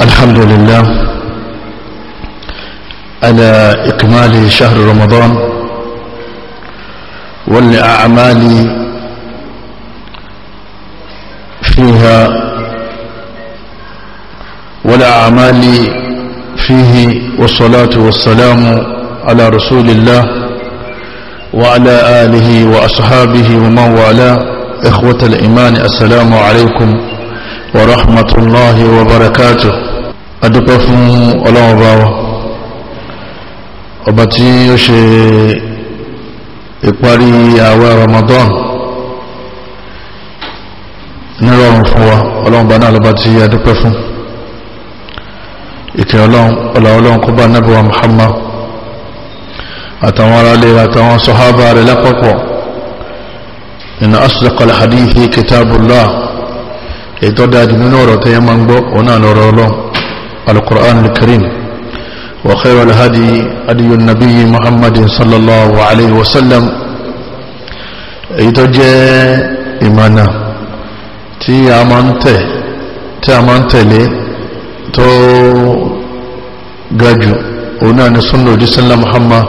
الحمد لله على إكمال شهر رمضان والأعمال فيها والأعمال فيه والصلاة والسلام على رسول الله وعلى آله وأصحابه ومن والاه إخوة الإيمان السلام عليكم ورحمة الله وبركاته أدوك فن الله وباوة وباتي يشي إقبالي àwẹ̀ Ramadan nírọ̀rùn fún wa ọlọ́run bá náà lọ́ba tí a dúpẹ́ fún ìkẹ́ ọlọ́run ọlá ọlọ́run kó bá nábì wa Muhammad àtàwọn aráalé àtàwọn sọ́hábà rẹ̀ lápapọ̀ inna asdaqal hadithi kitabullah ètò dájú nínú ọ̀rọ̀ tẹ́yẹ máa ń gbọ́ ọ̀nà lọ́rọ̀ ọlọ́run alukur'an al-karim wa khayra al-hadi adiyun nabiyyi muhammadin sallallahu alayhi wa sallam èyí tó jẹ́ ìmọ̀nà tí a máa ń tẹ̀ tí a máa ń tẹ̀lé tó gajù ọ̀nà ni sunna òjísánlá muhammad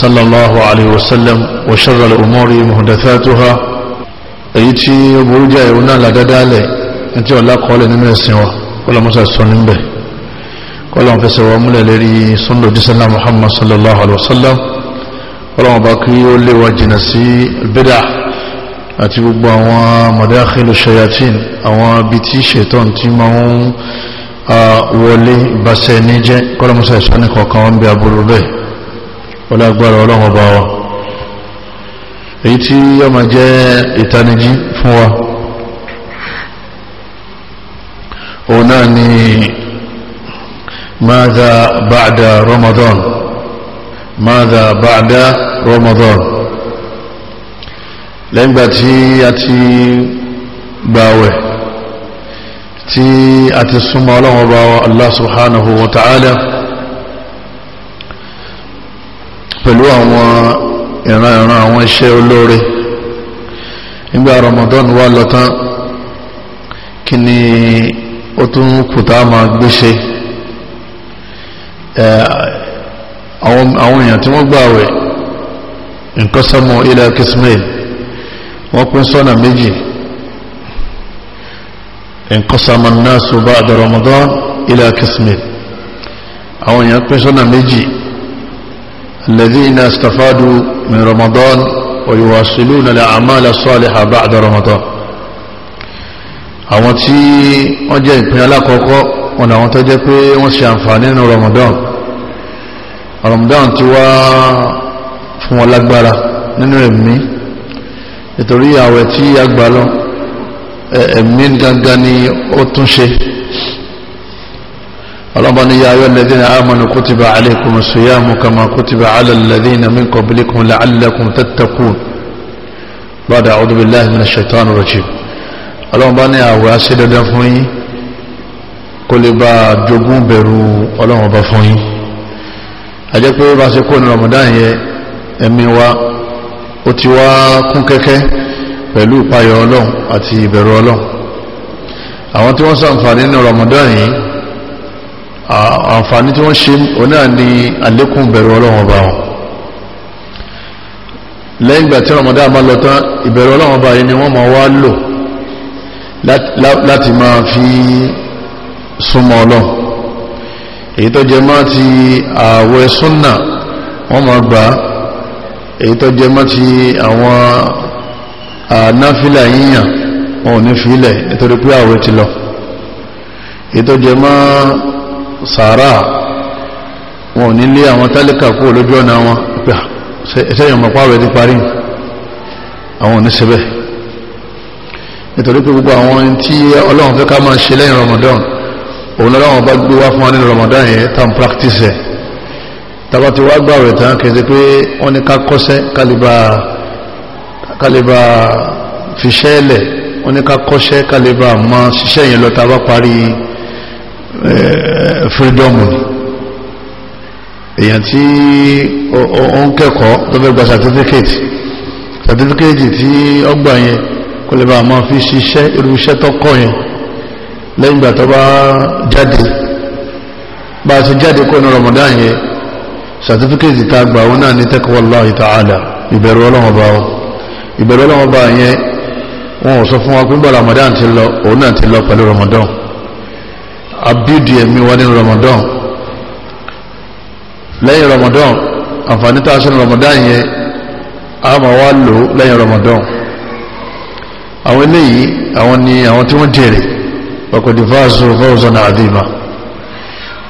sallallahu alayhi wa sallam wa sharra al-umuri muhdathatuha èyí tí ó burú jẹ́ ọ̀nà làdádálẹ̀ tí ọ̀lá kọ́lẹ̀ nínú ẹ̀sìn wa kọ́lọ̀mọ́sà sọ níbẹ̀ kọ́lọ̀mọ́ fẹsẹ̀ wa múlẹ̀ lérí sunday jisala muhammad sallallahu alaihi wasallam kọ́lọ̀mọ́ bá kí ó léwa jìnà sí bídà àti gbogbo àwọn madakhilu shayatin àwọn ibi tí ṣètọ́n tí máa ń wọlé ìbáṣẹ́ níjẹ́ kọ́lọ̀mọ́sà sọ ní kọ̀ọ̀kan wọn bí aburú bẹ́ẹ̀ ọlágbára ọlọ́mọba wa èyí tí yọ́ máa jẹ́ ìtanijí fún wa òun náà ni máadà ba'da Ramadan máadà ba'da Ramadan lẹ́yìn tí a ti gbàwẹ̀ tí a ti súnmọ́ ọlọ́run ọba Allah subhanahu wa ta'ala pẹ̀lú àwọn ìran-ìran àwọn iṣẹ́ olóore nígbà Ramadan wà lọ tán kí ni وتم خدا مانگبے آه، اوم اوم اون يعني اون تم گباوے ان قسموا الى قسمين وقسنا مجي انقسم الناس بعد رمضان الى قسمين اون يعني يقسنا مجي الذين استفادوا من رمضان ويواصلون الاعمال الصالحه بعد رمضان àwọn tí wọ́n jẹ́ ìpín alákọ̀ọ́kọ́ wọn làwọn tó jẹ́ pé wọ́n ṣe àǹfààní nínú Ramadan Ramadan ti wá fún wọn lágbára nínú ẹ̀mí nítorí àwẹ̀ tí a gbà lọ ẹ̀mí gangan ni ó tún ṣe ọlọ́bọ̀ ni yā ayyuhal ladhīna āmanū kutiba ʿalaykumu ṣ-ṣiyāmu kamā kutiba ʿala alladhīna min qablikum la'allakum tattaqūn ba'da a'ūdhu billahi minash shaitānir rajīm ọlọ́run bá ní àwẹ̀ á ṣe dandan fún yín kó lè bá jogún bẹ̀rù ọlọ́run bá fún yín àjẹ́ pé bá ṣe kó ní Ramadan yẹ ẹ̀mí wa ó ti wá kún kẹ́kẹ́ pẹ̀lú ìpayọ̀ ọlọ́run àti ìbẹ̀rù ọlọ́run àwọn tí wọ́n sàǹfààní ní Ramadan yìí àǹfààní tí wọ́n ṣe onáà ní àlékún ìbẹ̀rù ọlọ́run ọba wọn lẹ́yìn ìgbà tí Ramadan bá lọ tán ìbẹ̀rù ọlọ́run ọba yìí ni wọ́n máa wá lò láti máa fi súnmọ́ ọlọ́ èyí tó jẹ máa ti ààwẹ̀ súnnà wọ́n máa gbà èyí tó jẹ máa ti àwọn ànáfílà yíyàn wọn ò ní fílẹ̀ nítorí pé ààwẹ̀ ti lọ èyí tó jẹ máa sàárà wọn ní lé àwọn tálíkà kó lójú ọ̀nà wọn pẹ́ ẹ̀sẹ́yàn nítorí pé gbogbo àwọn ohun tí ọlọ́run fẹ́ ká máa ṣe lẹ́yìn Ramadan òun lọ́wọ́n bá gbé wá fún wa nínú Ramadan yẹn tá practice ẹ̀ tàbá ti wá gbàwẹ̀ tán kì í ṣe pé wọ́n ní ká kọ́ṣẹ́ kálíbà kálíbà fiṣẹ́ lẹ̀ wọ́n ní ká kọ́ṣẹ́ kálíbà mọ ṣiṣẹ́ yẹn lọ tàbá parí freedom èèyàn tí ó ń kẹ́kọ̀ọ́ tó fẹ́ gba certificate certificate tí ọgbà yẹn kò lè bá máa fi ṣiṣẹ́ irú iṣẹ́ tó kọ́ yẹn lẹ́yìn ìgbà tó bá jáde bá a jáde kó ní Ramadan yẹn certificate ta gbà wọn náà ní taqwallahi ta'ala ìbẹ̀rù ọlọ́wọ́n bá wọn ìbẹ̀rù ọlọ́wọ́n bá yẹn wọn ò sọ fún wa pé bá Ramadan ti lọ òun náà ti lọ pẹ̀lú Ramadan abídì ẹ̀mí wa ní Ramadan lẹ́yìn Ramadan àǹfààní tá a ṣe ní Ramadan yẹn a máa wá lò lẹ́yìn Ramadan àwọn eléyìí àwọn ni àwọn tí wọ́n jèrè ọkọ̀dì fáàsù fọ́ọ̀sọ̀nà àdìmà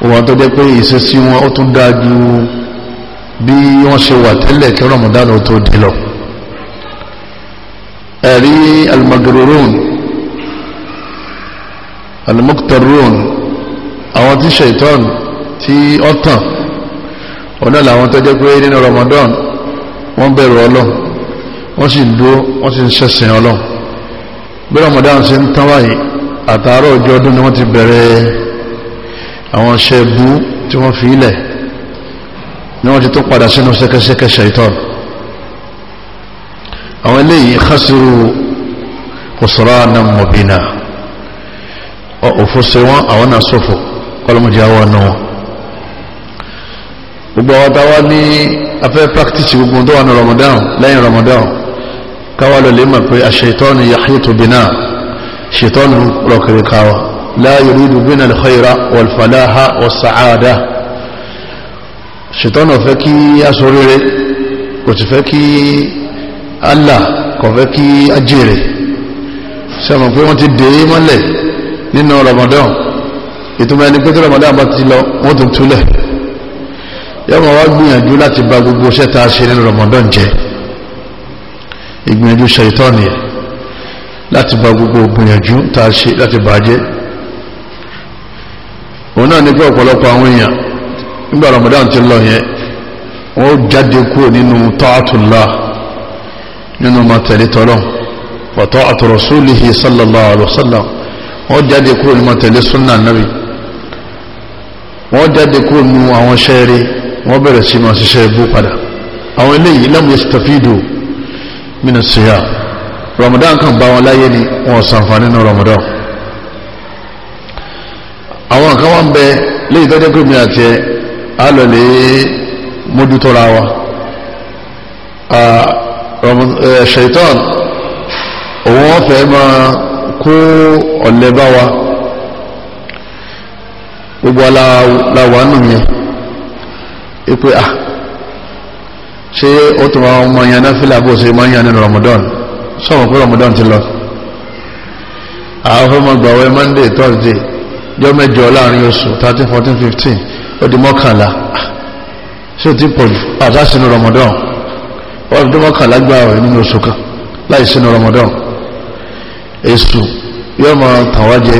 wọ́n tó jẹ́ pé ìṣesí wọn ó tún dáa ju bí wọ́n ṣe wà tẹ́lẹ̀ kí Ramadan ó tó dé lọ ẹ̀rí almagororun almuktarun àwọn tí ṣètọ́n tí ó tàn ọ̀nà làwọn tó jẹ́ pé nínú Ramadan wọ́n bẹ̀rù Ọlọ́run wọ́n sì dúró wọ́n sì ń ṣẹ̀sìn Ọlọ́run bí Ramadan ṣe ń tán wáyé àtàárọ̀ ọjọ́ ọdún ni wọ́n ti bẹ̀rẹ̀ àwọn iṣẹ́ bú tí wọ́n fi ilẹ̀ ni wọ́n ti tó padà sínú ṣẹ́kẹ́ṣẹ́kẹ́ ṣaitan àwọn eléyìí khasiru khusranan mubina òfò ṣe wọ́n àwọn náà ṣòfò kọlọmọdé àwọn náà wọn gbogbo àwọn táwa ní afẹ́ practice gbogbo tó wà ní Ramadan lẹ́yìn Ramadan káwà lọ lè mọ̀ pé aṣètọ́nù yahitu bina ṣètọ́nù rọ̀kiri káwà la yuridu bina alkhaira walfalaha wasaada ṣètọ́nù fẹ́ kí asorire kò ti fẹ́ kí allah kò fẹ́ kí ajere sẹ́mọ̀ pé wọ́n ti dè é mọ́lẹ̀ nínú ramadan ìtumọ̀ ẹni pé tí ramadan bá ti lọ wọ́n tún túlẹ̀ yọ́mọ̀ wá gbìyànjú láti ba gbogbo ṣẹ́ta ṣe nínú ramadan jẹ́ ìgbìyànjú ṣàìtọ́nì láti bá gbogbo ìgbìyànjú tá a ṣe láti bàjẹ́ òun náà ní pé ọ̀pọ̀lọpọ̀ àwọn èèyàn nígbà Ramadan ti lọ yẹn wọ́n jáde kúrò nínú ta'atullah nínú mọ̀tẹ̀lẹ́ tọ́lọ́ wa ta'atu rasulihi sallallahu alaihi wasallam wọ́n jáde kúrò nínú mọ̀tẹ̀lẹ́ sunna nabi wọ́n jáde kúrò nínú àwọn ṣẹ́ẹ̀rẹ́ wọ́n bẹ̀rẹ̀ sí máa ṣiṣẹ́ ibú padà àwọn eléyìí lam yastafidu mina siya ramadan kan bá wọn láyé ni wọn sànfàní ní ramadan àwọn kan wá ń bẹ léyìí tó dẹ́kun mi àti ẹ á lọ lè mójútóra wa ṣèitán òun wọn fẹ́ máa kó ọ̀lẹ́ bá wa gbogbo aláwa nù yẹn ipe ah ṣé ó tó máa mọ yan náfìlà bó ṣe máa yan nínú Ramadan sọ̀rọ̀ pé Ramadan ti lọ àwọn fẹ́ mọ Monday Thursday jọ mẹ́jọ láàrin oṣù 13 14 15 ó di mọ́kànlá ṣé ó ti pọ̀ jù àtàsínú Ramadan wọ́n fi mọ́kànlá gbàwẹ̀ nínú oṣù kan láì sínú Ramadan èṣù yóò máa tàwájẹ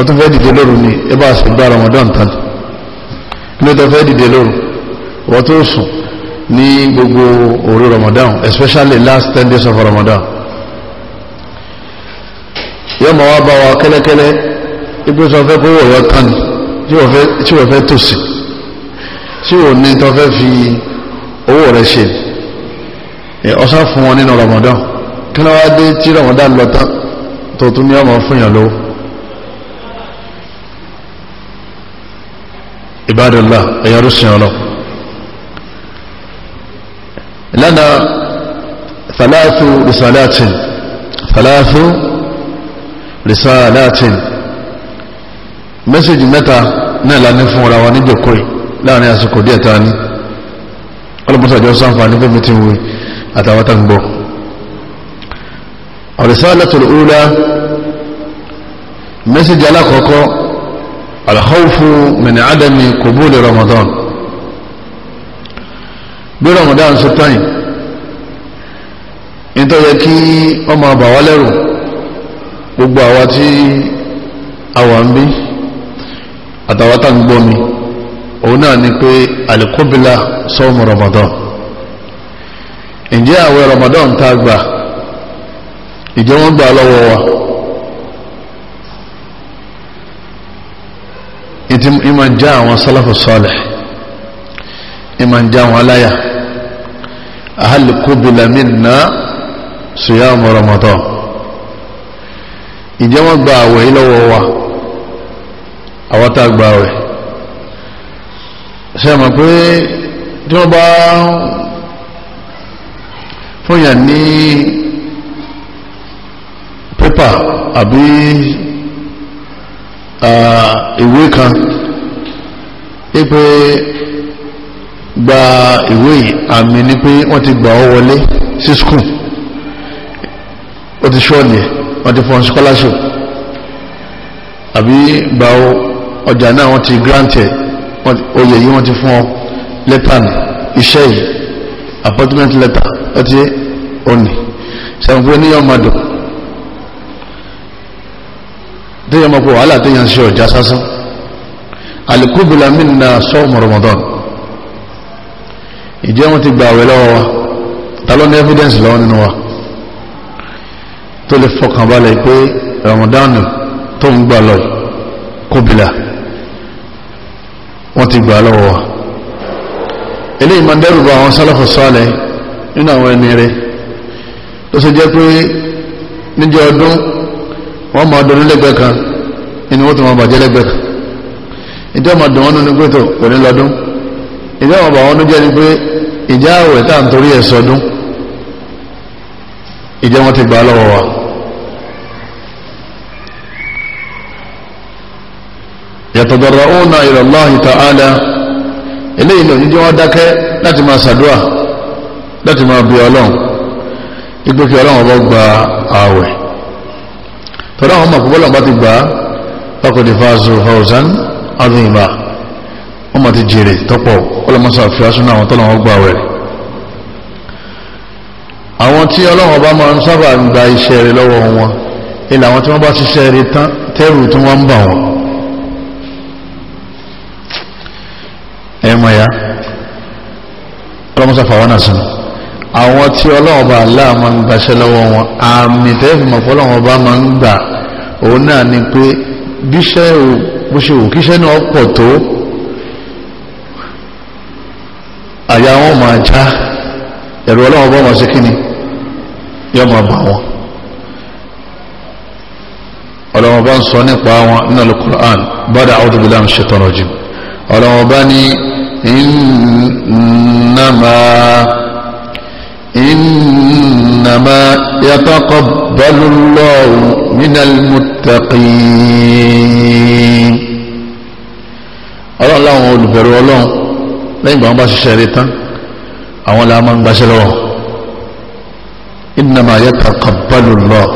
ó tún fẹ́ dìde lóru ni ẹ bá ṣe gba Ramadan tán ní ó tún fẹ́ dìde lóru wọ́n tó sùn ní gbogbo òru Ramadan especially last ten days of Ramadan yóò máa wá bá wa kẹ́lẹ́kẹ́lẹ́ ipò tí wọ́n fẹ́ kó wọ̀yọ́ tán ni tí wọ́n fẹ́ tòsí tí wọ́n ní tó fẹ́ fi owó rẹ̀ ṣe ọ̀sán fún wọn nínú Ramadan kí ló wá dé tí Ramadan lọ tán tó tún ní ọmọ fún yàn lówó Ibadallah ẹ̀yà rúṣin ọlọ́pàá لنا ثلاث رسالات ثلاث رسالات mẹ́sẹ̀jì mẹ́ta náà la ní fún ara wa níjòkó yìí láàrin àsìkò díẹ̀ ta ní ọlọ́pọ̀sàjọ́ sáǹfàní fún mi ti wù àtàwọn tá ń gbọ́ الرسالة الأولى mẹ́sẹ̀jì alákọ̀ọ́kọ́ الخوف من عدم قبول رمضان bí ramadan ṣe tán yìí nítorí yẹ kí ọmọ àbà wá lẹ́rù gbogbo àwa tí àwa ń bí àtàwọn tá ń gbọ́ mi òun náà ni pé alikobila sọ́ọ̀mù ramadan ǹjẹ́ àwẹ̀ ramadan tá gbà ìjọ wọn gbà lọ́wọ́ wa ìtì ìmọ̀ já àwọn sálàfù sọ́ọ̀lẹ̀ ìmọ̀ ń já wọn láyà ahalikubila minna siyam ramadan ìjẹ́ wọ́n gba àwẹ̀ yìí lọ́wọ́ wa àwọn tá a gba àwẹ̀ ṣe mọ̀ pé tí wọ́n bá fúnyà ní pépà àbí ìwé kan pé gba ìwé àmì ní pé wọ́n ti gbà ọ́ wọlé sí skul ó ti ṣọ́ọ̀lì wọ́n ti fọ́n scholarship àbí gbà ọ́ ọjà náà wọ́n ti granted oyè yìí wọ́n ti fún ọ lẹ́tà ní iṣẹ́ yìí appointment letter ó ti òní sẹ́wọ̀n pé níyàn máa dùn téèyàn máa kó wàhálà téèyàn ṣe ọjà sásán alikubula minna sọ́ọ̀mù Ramadan ìjẹ́ wọn ti gba àwẹ̀ lọ́wọ́ wa ta ní evidence lọ́wọ́ nínú wa tó lè fọkàn balẹ̀ pé Ramadan tó ń gbà lọ kóbìlà wọ́n ti gbà lọ́wọ́ wa eléyìí máa ń dẹ́rù bá àwọn sálàfù sálẹ̀ nínú àwọn ẹni rẹ̀ tó ṣe jẹ́ pé níjọ́ ọdún wọ́n máa dọ̀nú lẹ́gbẹ̀ẹ́ kan inú wọ́n tó máa bàjẹ́ lẹ́gbẹ̀ẹ́ kan ìjọ́ máa dùn wọ́n nínú pé pẹ̀lú lọ́dún ìdí àwọn bàwọn ọdún jẹ́ ni pé ìjà àwẹ̀ tá à ń torí ẹ̀ sọdún ìjẹ́ wọn ti gbà lọ́wọ́ wa yatadarrauna ila Allahi ta'ala eléyìí ni òjijì wọn dákẹ́ láti máa ṣàdúrà láti máa bí ọlọ́run ipò kí ọlọ́run ọba gba ààwẹ̀ tọ́lá àwọn ọmọ àkọ́bọ́lọ́run bá ti gbà á faqad fazu fawzan azima wọ́n mọ̀ ti jèrè tọ́pọ̀ ọlọ́mọsọ àfihàsúnà àwọn tọ́lọ́wọ́ gbà wẹ̀ àwọn tí ọlọ́wọ́n bá máa ń sábà ń gba iṣẹ́ rẹ lọ́wọ́ wọn ilẹ̀ àwọn tí wọ́n bá ṣiṣẹ́ rẹ tán tẹ́rù tí wọ́n ń bà wọ́n ẹ mọ̀ ya ọlọ́mọsọ fàwọn náà sìn àwọn tí ọlọ́wọ́n bá aláà máa ń gbaṣẹ́ lọ́wọ́ wọn àmì tẹ́fìmọ̀ fọlọ́wọ́n bá máa ń gbà òun náà ni pé bíṣẹ́ ò bó ṣe wò kíṣẹ́ náà pọ̀ tó máa já ẹ̀rù ọlọ́wọ́n bọ́ máa ṣe kí ni yọ máa bà wọn ọlọ́wọ́n bá ń sọ nípa wọn nínú alukur'an bọ́dà àwùjọbílà ń ṣe tọrọ jù ọlọ́wọ́n bá ní ìnàmà ìnàmà yataqabbalu Allahu minal ọlọ́run láwọn olùbẹ̀rù ọlọ́run lẹ́yìn ìgbà wọn bá ṣiṣẹ́ rẹ tán àwọn la máa ń gbaṣẹ́ lọ́wọ́ innama yataqabbalu Allahu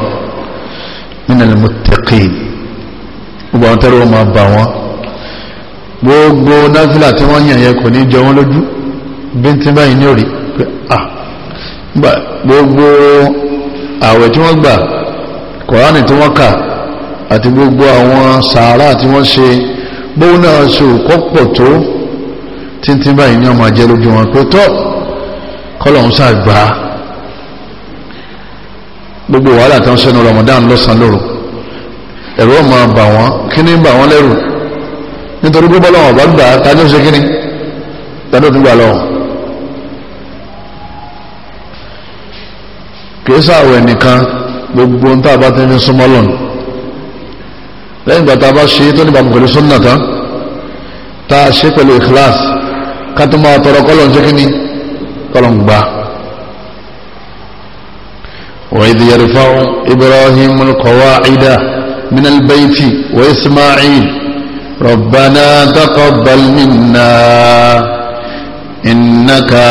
minal muttaqin gbogbo àwọn tẹ́lẹ̀ wọ́n máa bà wọ́n gbogbo náfìlà tí wọ́n yàn yẹn kò ní jọ wọ́n lójú bíntín báyìí ní òrì pé à gbogbo ààwẹ̀ tí wọ́n gbà kọ̀ránì tí wọ́n kà àti gbogbo àwọn sàárà tí wọ́n ṣe bóun náà ṣe òkọ́pọ̀ tó tíntín báyìí ní ọmọ ajẹ́ lójú wọn pé tọ́ọ̀ kọ́lọ̀hún sáàgbà gbogbo wàhálà tán sẹ́nu Ramadan lọ́sàn lóru ẹ̀rọ ma bà wọ́n kí ní bà wọ́n lẹ́rù nítorí pé bọ́lá wọn bá gbà á tájọ́ ṣe kíní tájọ́ tó gbà lọ́wọ́ kì í sáàwẹ̀ nìkan gbogbo ń tá a bá ti ní súnmọ́ lẹ́yìn ìgbà tá a bá ṣe tó níbàmù pẹ̀lú súnnà tán tá a ṣe pẹ̀lú ìkíláàsì ká tó máa tọrọ kọ́lọ̀ kíní kọlọ̀ǹgbà wa idh yarfa'u ibrahim alqawa'ida min albayti wa isma'il rabbana taqabbal minna innaka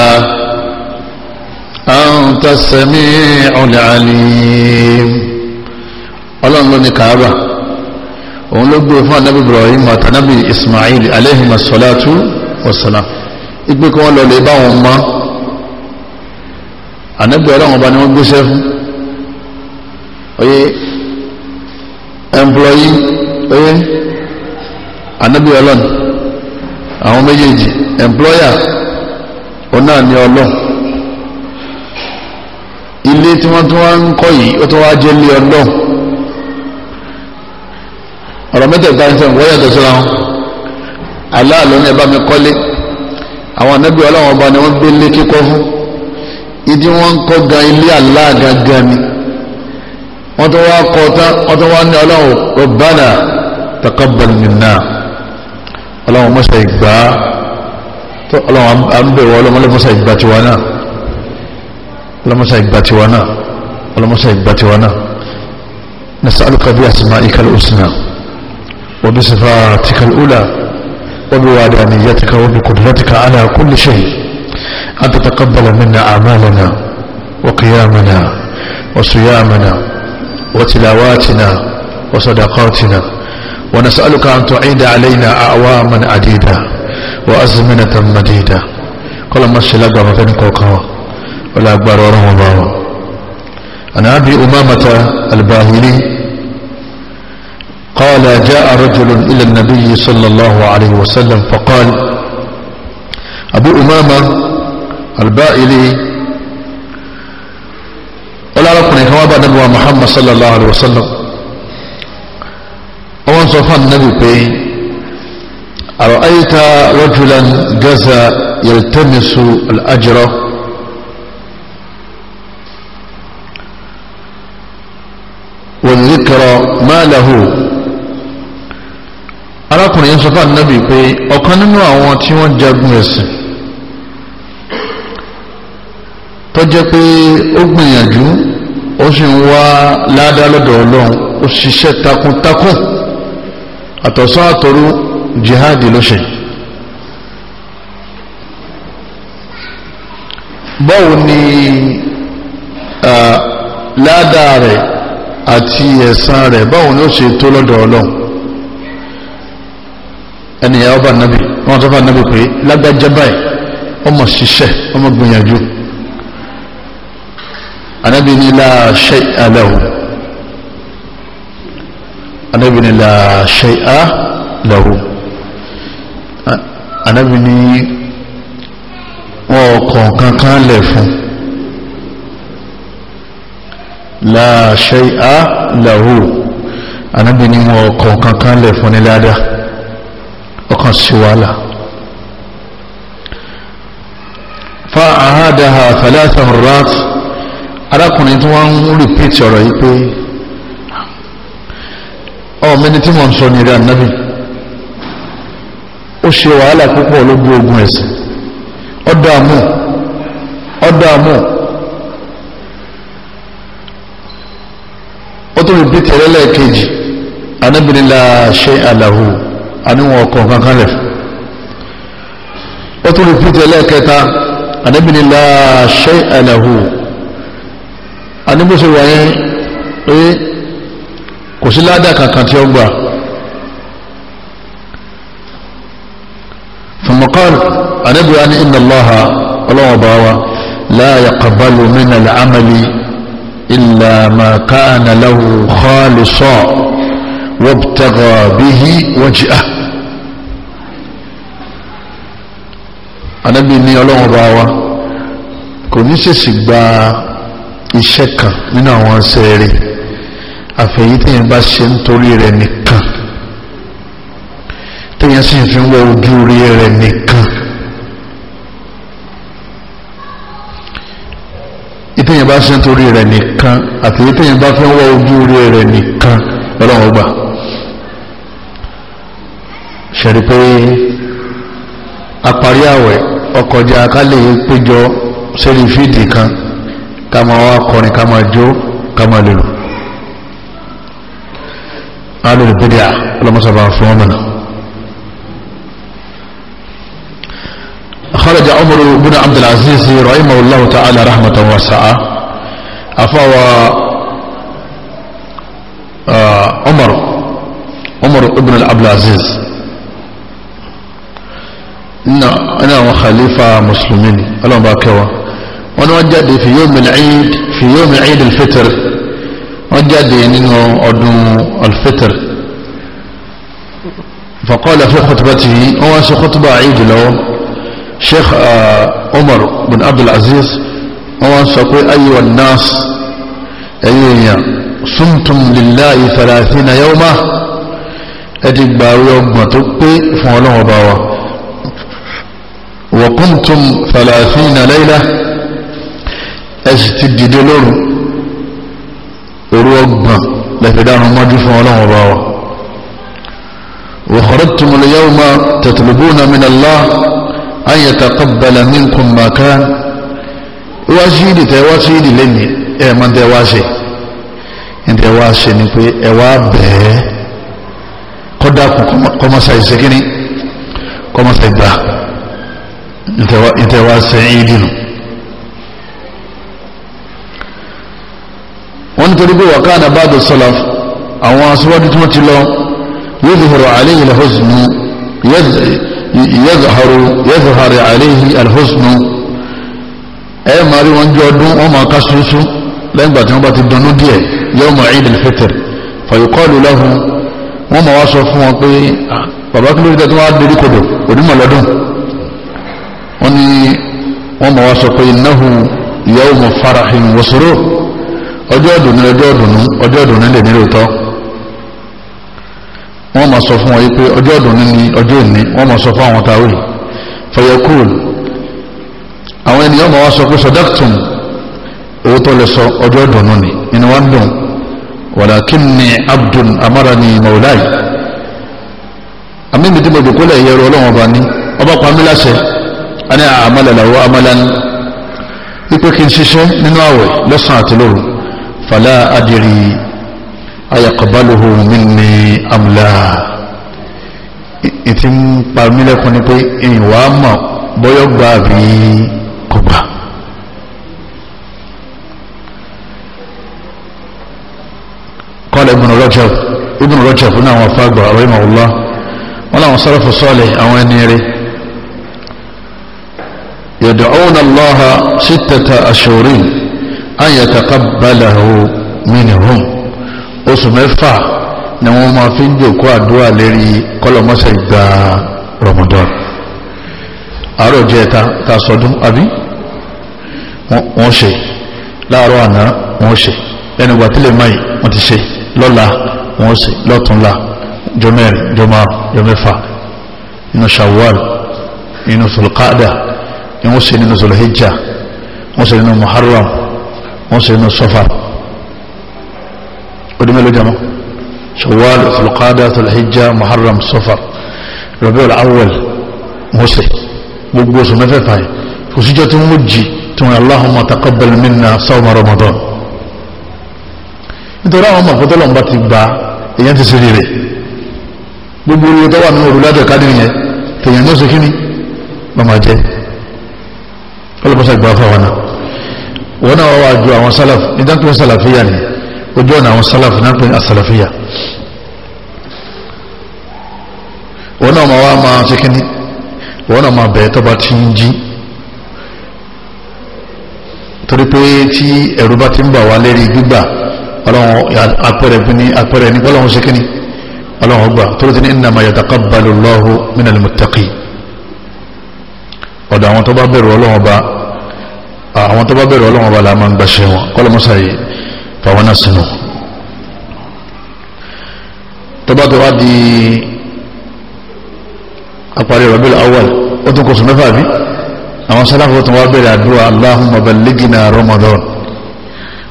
anta as-sami'ul 'alim ọlọ́run ló ní kaaba òun ló gbé fún anábì ibrahim àtànábì ismail alayhima salatu wassalam ìgbé kí lọ lè bá wọn mọ́ ànábì ọlọ́run ọba ni wọ́n gbéṣẹ́ fún oyè ẹmplọ́yì oyè ànábì ọlọ́run àwọn méjèèjì ẹmplọ́yà ọ̀nà ni ọlọ́run ilé tí wọ́n tún wá ń kọ́ yìí ó tún wá jẹ́ lé ọlọ́run ọ̀rọ̀ mẹ́tẹ̀ẹ̀ta ń sẹ́yìn wọ́yà tó sọ́ra aláàlú ni ẹ bá mi kọ́lé àwọn ànábì ọlọ́run ọba ni wọ́n gbé lé kíkọ́ fún ìdí wọn ń kọ́ gan ilé Allah gangan ni wọ́n tó wá kọ́ tán wọ́n tó wá ní ọlọ́run Rabbana taqabbal minna ọlọ́run mọ́sá ìgbà tó ọlọ́run à ń bẹ̀rù ọlọ́run mọ́sá ìgbà tiwa náà ọlọ́mọ́sá ìgbà tiwa náà ọlọ́mọ́sá ìgbà tiwa náà نسألك بأسمائك الحسنى وبصفاتك الأولى وبوحدانيتك وبقدرتك على كل شيء أن تتقبل منا أعمالنا وقيامنا وصيامنا وتلاواتنا وصدقاتنا ونسألك أن تعيد علينا أعواما عديدة وأزمنة مديدة قال ما الشلاق ومفنك وقوى ولا أكبر ورحمة الله أنا أبي أمامة الباهلي قال جاء رجل إلى النبي صلى الله عليه وسلم فقال أبو أمامة Al-Ba'ili ọlọ́rọ̀kùnrin kan wá bá nàbí wa Muhammad sallallahu alaihi wa sallam wọ́n sọ fún nàbí pé ara'ayta rajulan gaza yaltamisu al-ajra wal-dhikra ma lahu arákùnrin sọ fún nàbí pé ọ̀kan nínú àwọn tí wọ́n jagun ẹ̀sìn ó jẹ́ pé ó gbìyànjú ó sì ń wá ládá lọ́dọ̀ ọlọ́run ó ṣiṣẹ́ takuntakun àtọ̀sán àtọ̀rú jihadi ló ṣe báwo ni ládá rẹ̀ àti ẹ̀san rẹ̀ báwo ni ó ṣe tó lọ́dọ̀ ọlọ́run ẹnìyàwó bá nàbì wọn tó bá nàbì pé lágbájá báyìí ọmọ ṣiṣẹ́ ọmọ gbìyànjú anabi ni la shay'a lahu anabi ni la shay'a lahu anabi ni wọn kọ̀ọ̀kan kan lẹ̀ fún la shay'a lahu anabi ni wọn kọ̀ọ̀kan kan lẹ̀ fún ní ládàá ọkàn sí wàhálà fa ahadaha thalatha arákùnrin tí wọ́n ń repeat ọ̀rọ̀ yìí pé ọmọ ẹni tí mo ń sọ ní ìrìn ànábì ó ṣe wàhálà púpọ̀ lójú ogun ẹ̀sìn ọ̀dọ̀ àmú ọ̀dọ̀ àmú ó tó repeat ẹ̀rẹ́ lẹ́ẹ̀kejì anábìnrin la ṣe àlàhù àníwọ̀n ọkọ̀ kankan lẹ̀ ó tó repeat ẹ̀rẹ́ lẹ́ẹ̀kẹta anábìnrin la ṣe àlàhù àníbòsí wà yẹn pé kò sí ládà kankan tí ó gbà fọmọkàn àníbòyá ní inna Allaha ọlọ́wọ́ bá wa la yaqbalu min al-amali illa ma kana lahu khalisan wabtagha bihi wajhah àníbì ọlọ́wọ́ bá wa kò ní sèṣì gba iṣẹ́ kan nínú àwọn iṣẹ́ rẹ̀ àfẹ̀yí téèyàn bá ṣe nítorí rẹ̀ nìkan téèyàn sì fi ń wọ ojú rí rẹ̀ nìkan ìtéèyàn bá ṣe nítorí rẹ̀ nìkan àti ìtéèyàn bá fi ń wọ ojú rí rẹ̀ nìkan ọlọ́run ọgbà ṣẹ̀rí pé àparí àwẹ̀ ọkọ̀jà akálẹ̀ péjọ sórí fídì kan ká máa wá kọrin ká máa jó ká máa lèlò alùlù bídíà خرج عمر بن عبد العزيز رحمه الله تعالى رحمة واسعة أفوى عمر عمر بن عبد العزيز أنا خليفة مسلمين ألم باكوا wọ́n ni wọ́n jáde fi yawm al-eid fi yawm eid al-fitr wọ́n jáde nínú ọdún al-fitr faqala fi khutbatihi wọ́n wá sí khutba eid lọ́wọ́ sheikh uh, umar bin abdul aziz wọ́n wá sọ pé ayyuhan nas ẹ̀yìn èèyàn sumtum lillahi thalathina yawma ẹ̀dì gbàrí ọgbọ̀n tó pé fún ọlọ́wọ́ bá wa wa kuntum thalathina layla ẹ sì ti dìde lóru òru ọgbọ̀n lẹ́fẹ̀ẹ́ dáná mọ́jú fún ọlọ́run ọba wa wa kharajtum al-yawma tatlubuna min Allah an yataqabbala minkum ma kana wá sí ìdí tẹ́ wá sí ìdí lẹ́ni ẹ̀ máa ń wá ṣe ń wá ṣe ni pé ẹ wá bẹ́ẹ̀ kọ́dà kọ́mọ́sá ìṣẹ́kíní kọ́mọ́sá ìgbà ń tẹ́ wá ṣe ìdí nù. nítorí pé wàkánà ba'du salaf àwọn aṣíwájú tí wọ́n ti lọ yadhharu alayhi al-huznu yadhharu yadhharu alayhi al-huznu ẹ máa rí wọn jọ ọdún wọn máa ká ṣoṣo lẹ́yìn gbà tí wọ́n bá ti dọnú díẹ̀ yawma Eid al-Fitr fa yuqalu lahum wọ́n máa wá sọ fún wọn pé bàbá kí ló dé tí wọ́n á dorí kodò onímọ̀ lọ́dún wọ́n ní wọ́n máa wá sọ pé innahu yawmu farahin wa surur ọjọ́ ìdùnnú ọjọ́ ìdùnnú ọjọ́ ìdùnnú lè ní lóòótọ́ wọ́n máa sọ fún wọn yìí pé ọjọ́ ìdùnnú ni ọjọ́ ìní wọ́n máa sọ fún àwọn táwé fọyọkúl àwọn ènìyàn máa wá sọ pé sọdọ́kítùn owó tó lè sọ ọjọ́ ìdùnnú ni inú wa ń dùn wàlákìn ni abdul amara ni maulai amíbi tí mo dùn kólẹ̀ ìyẹrù ọlọ́wọ́n bá ní ọba pàmí láṣẹ a ní àmàlẹ̀ làwọ̀ amálẹ́ ní wípé kí n ṣiṣẹ́ nínú àwẹ̀ lọ́sàn àti lóru فلا أدري أيقبله مني أم لا ìtí ń parí lẹ́kùn ní pé ìwà mọ̀ bọ́yọ̀ gbà bí kò gbà kọ́lẹ̀ Ibn Rajab Ibn Rajab fún àwọn afágbà rahimahullah wọ́n láwọn sọ́rọ̀fù sọ́ọ̀lẹ̀ àwọn ẹni rẹ̀ yad'una Allaha sittata ashhurin an yataqabbalahu minhum oṣù mẹ́fà ni wọ́n máa fi ń jòkó àdúrà lérí kọ́lọ̀mọ́sẹ̀ gba Ramadan àárọ̀ jẹ́ ta ta sọdún àbí wọ́n ṣe láàárọ̀ àná wọ́n ṣe ẹnu ìgbà tílẹ̀ máì wọ́n ti ṣe lọ́la wọ́n ṣe lọ́túnla jọmẹ́rin jọmọ jọmẹ́fà inú Shawwal inú Dhul Qa'dah ni wọ́n ṣe nínú Muharram wọ́n ṣe inú sọ́fà ọdún mélòó jama ṣawal alqada alhijja muharram sọ́fà rabiul awwal mọ́sẹ̀ gbogbo oṣù mẹ́fẹ̀ẹ̀fà yìí kò síjọ́ tí wọ́n jì tí wọ́n allahumma taqabbal minna sawma ramadan nítorí àwọn ọmọ àpótọ́lọ̀ ń bá ti gba èyàn ti ṣeré rẹ̀ gbogbo wọn náà wà ju àwọn sálàf ní dáńtò wọn sálàfíyà ni ojú ọ̀nà àwọn sálàf náà pé àsálàfíyà wọn náà máa wá máa ṣe kíní wọn náà máa bẹ̀ẹ́ tọ́ba tí ń jí torí pé tí ẹ̀rù bá ti ń bà wá lérí gbígbà ọlọ́run apẹ̀rẹ̀ ní apẹ̀rẹ̀ ní ọlọ́run ṣe ọlọ́run gbà torí ti ní innama yataqabbalu Allahu minal muttaqin àwọn tó bá bẹ̀rẹ̀ ọlọ́wọ́n bá la máa ń gbaṣẹ́ wọn kọ́lọ́mọ́sá yìí fàwọn náà sínú tó bá tó wá di àparí Rabiul Awwal ó tún kóso mẹ́fà bí àwọn sáláfà tó wá bẹ̀rẹ̀ àdúrà Allahumma ballighna Ramadan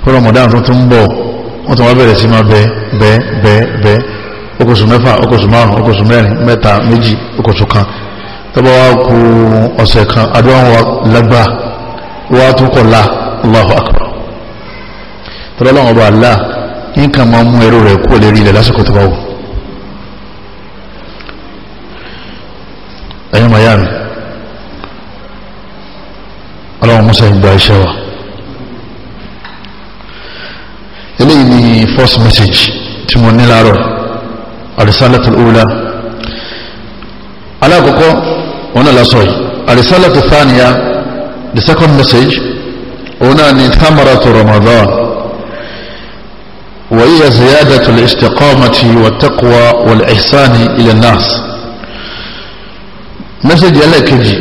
kó Ramadan tó tún bọ̀ wọ́n tó wá bẹ̀rẹ̀ sí máa bẹ bẹ bẹ bẹ okoṣù mẹ́fà okoṣù márùn okoṣù mẹ́rin mẹ́ta méjì okoṣù kan tó bá wá ku ọ̀sẹ̀ kan àdúrà lágbàá wá tún kọ̀ lá Allahu akbar tọ́lọ́wọ́n ọba Allah nǹkan máa mú ẹrú rẹ̀ kó lérí ilẹ̀ lásìkò tó bá wù ẹ̀yọ́ miami ọlọ́run musa ń gba iṣẹ́ wa eléyìí ni first message tí mo ní láàárọ̀ arisalatul ula alákọ̀ọ́kọ́ wọn náà lásọ̀ yìí arisalatul thaniya the second message òun náà ni thamaratu ramadan wa hiya ziyadatu al-istiqamati wat-taqwa wal-ihsani ila an-nas message ẹlẹ́ẹ̀kejì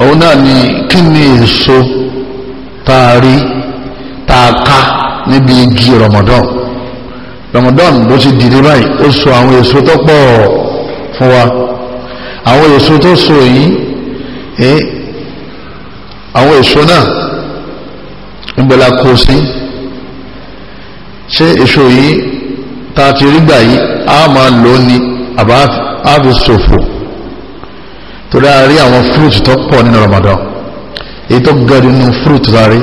òun náà ni kí ni èso taari taaka níbi igi ramadan ramadan ló ti dìde báyìí ó so àwọn èso tó pọ̀ fún wa àwọn èso tó so yìí eh, àwọn èso náà níbọ̀lá kó sí ṣé èso yìí tá a ti rí gbà yìí a máa lò ó ní àbá a fi ṣòfò torí a rí àwọn fúrúùtù tó pọ̀ nínú Ramadan èyí tó gẹ̀rù nínú fúrúùtù tó rí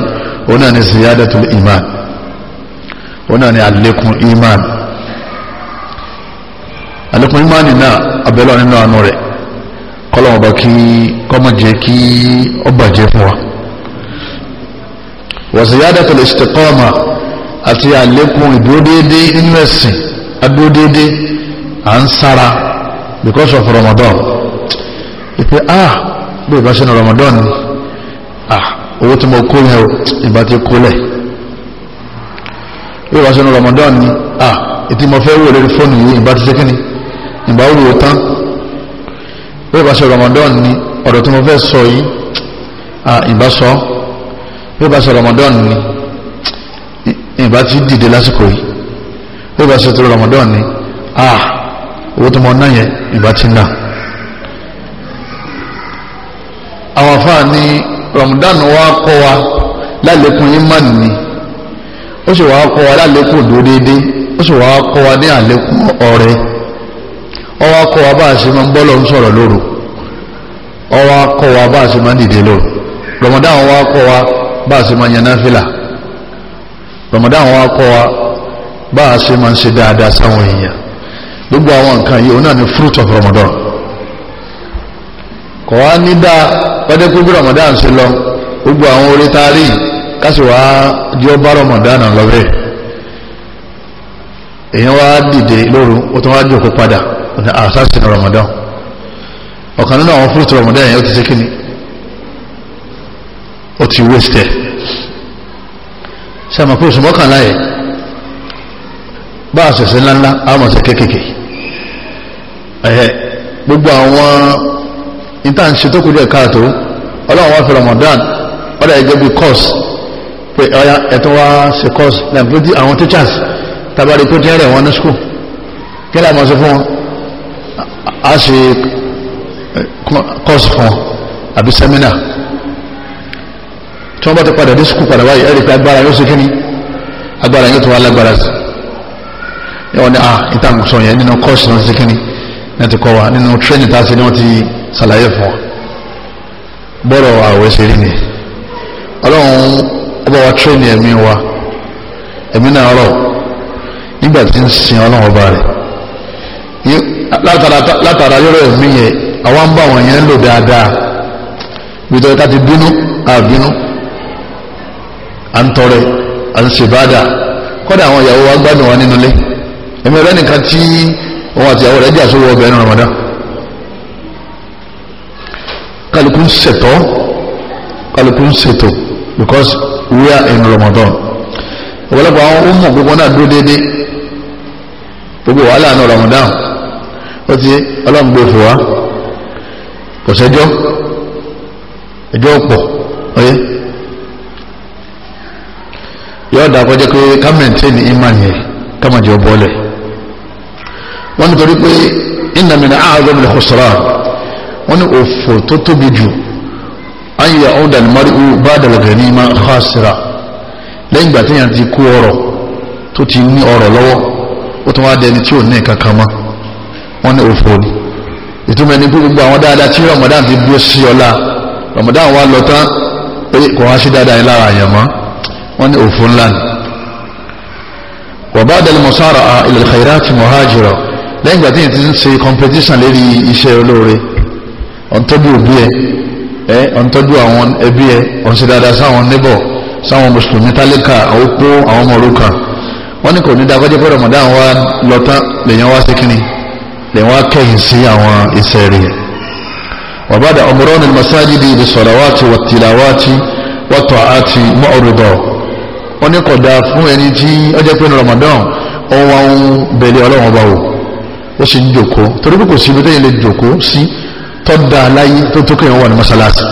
òun náà ni ziyadatul iman òun náà ni àlékún iman àlékún iman náà abẹ́lọ́ nínú àánú rẹ̀ kọ́lọ́wọ́n bá kí kọ́mọ̀ jẹ́ kí ọ bàjẹ́ fún wa wa ziyadatul istiqama àti àlékún ìdúródéédé nínú ẹ̀sìn adúródéédé à ń sára because of Ramadan ìpè ah bí ìbá ṣe ní Ramadan ah owó tí mo kó yẹn o ìbá ti kó lẹ̀ bí ìbá ṣe ní Ramadan ah ètí mo fẹ́ wò lórí fóònù yìí ìbá ti ṣe kíni ìbá wò ó tán bí ó Ramadan ni ọ̀rọ̀ tí mo fẹ́ sọ yìí ìbá sọ bí Ramadan ni ìbá ti dìde lásìkò yìí bí tó Ramadan ni ah owó tó mọ náà yẹn ìbá ti náà àwọn afáà ní Ramadan wa kọ́ wa lálẹ́kùn imán ni ó sì wá kọ́ wa lálẹ́kùn dúró déédéé ó sì wá kọ́ wa ní àlékún ọrẹ ọwọ́ akọ wa bá a sì máa ń bọ́lọ̀ ń sọ̀rọ̀ lóru ọwọ́ akọ wa bá a sì máa ń dìde lóru Ramadan wa akọ wa bá a sì máa ń yan náfìlà Ramadan wa akọ wa bá a máa ń ṣe dáadáa sáwọn èèyàn gbogbo àwọn nǹkan yìí òun náà ni fruit of Ramadan kò wá ní dáa pẹ́ẹ́dẹ́ pé bí Ramadan ṣe lọ gbogbo àwọn orí tá a rí kásì wá di ọba Ramadan lọ bẹ́ẹ̀ èèyàn wá dìde lóru ó tún wá jókòó padà ní àṣàṣì ní Ramadan ọ̀kan nínú àwọn fúrútù Ramadan yẹn ó ti ṣe kí ni ó ti waste ẹ̀ sẹ́mọ̀ pé oṣù mọ́kànlá yẹ bá àṣẹ̀ṣẹ̀ ńláńlá àmọ̀ṣẹ̀ kéékèèké ẹ̀hẹ́ gbogbo àwọn ìtànṣe tó kù díẹ̀ káàtó ọlọ́run wá fi Ramadan ọ̀dà ẹ̀jẹ̀ bíi course pé ọ̀yà ẹ̀tọ́ wá ṣe course náà àwọn teachers tabari tó jẹ́rẹ̀ wọn ní school kí ni àmọ̀ṣẹ̀ fún wọn a ṣe eh, kọ́ọ̀sì kan àbí sẹ́mínà tí wọ́n bá ti padà dé sùkú padà wáyé ẹ̀rí pé agbára yóò ṣe kíní agbára yóò tó wá lágbára sí yóò ní ah ìtàkùn sọ yẹn nínú kọ́ọ̀sì náà ṣe kíní náà ti kọ́ wa nínú tírénì tá a ṣe ni wọ́n ti ṣàlàyé fún wa bọ́rọ̀ àwẹ̀ ṣe rí ni ọlọ́run ọba wa tírénì ẹ̀mí wa ẹ̀mí náà rọ̀ nígbà tí ń sin ọlọ́run ọba rẹ̀ látara yọrọ ẹ̀mí yẹn àwọn ń bá wọn yẹn lò dáadáa nítorí ká ti bínú àbínú à ń tọrẹ à ń ṣèbádà kọ́dà àwọn ìyàwó wa gbádùn wa nínú ilé èmi ọ̀rẹ́ nìkan tí òun àti ìyàwó rẹ̀ jà sówó ọbẹ̀ nínú Ramadan kálukú ń ṣètọ́ kálukú ń ṣètò because we are in Ramadan ọ̀pọ̀lọpọ̀ àwọn ọmọ gbogbo náà dúró déédéé gbogbo wàhálà ní Ramadan tó ti ọlọ́run gbé fò wá kò sẹ́jọ́ ẹjọ́ pọ̀ ọyẹ́ yóò dà kọjá pé ká mẹ́ntẹ́nì imán yẹn ká má jẹ́ bọ́ọ̀lẹ̀ wọ́n nítorí pé inna min a'zami al-khusran wọ́n ní òfò tó tóbi jù an ya'uda al-mar'u ba'da al-ghanima khasira lẹ́yìn ìgbà tí yàn ti kú ọrọ̀ tó ti ní ọrọ̀ lọ́wọ́ ó tún wá dẹni tí ò ní kankan mọ́ wọ́n ní òfò ni ìtumọ̀ ẹni pé gbogbo àwọn dáadáa tí Ramadan ti dúró sí ọlá Ramadan wa lọ tán kò wá sí dáadáa yẹn lára àyàn mọ́ wọ́n ní òfò ńlá ni. wàbá dalẹ̀ mọ̀sára ilẹ̀ xayira ti mọ̀hájìrà lẹ́yìn ìgbà tí yẹn ti ń ṣe competition lérí iṣẹ́ olóore ọ̀ntọ́jú òbí ẹ ọ̀ntọ́jú àwọn ẹbí ẹ ọ̀nṣẹ́ dáadáa sáwọn níbọ̀ sáwọn mùsùlùmí tálíkà àwọn opó àwọn mọ̀rúkà wọ́n ní kò ní dákọ́jẹ́ pé Ramadan wa lọ tán lèèyàn wá sí kínní ni wọ́n kẹ́yìn sí àwọn iṣẹ́ rẹ̀ wàbádà ọmọrọ́nà masajidi ibi sọ̀làwátì wàtìlàwátì wàtọ̀ àti mọ́ọ̀rùdọ̀ wọ́n ní kọ̀dá fún ẹni tí ó jẹ́ pé Ramadan òun wa ń bẹ̀lẹ̀ ọlọ́run ọba o ó sì ń jòkó torí pé kò sí ibi tẹ́yìn lè jòkó sí tọ́da aláyé tó tó kẹ́yìn wà ní masalasi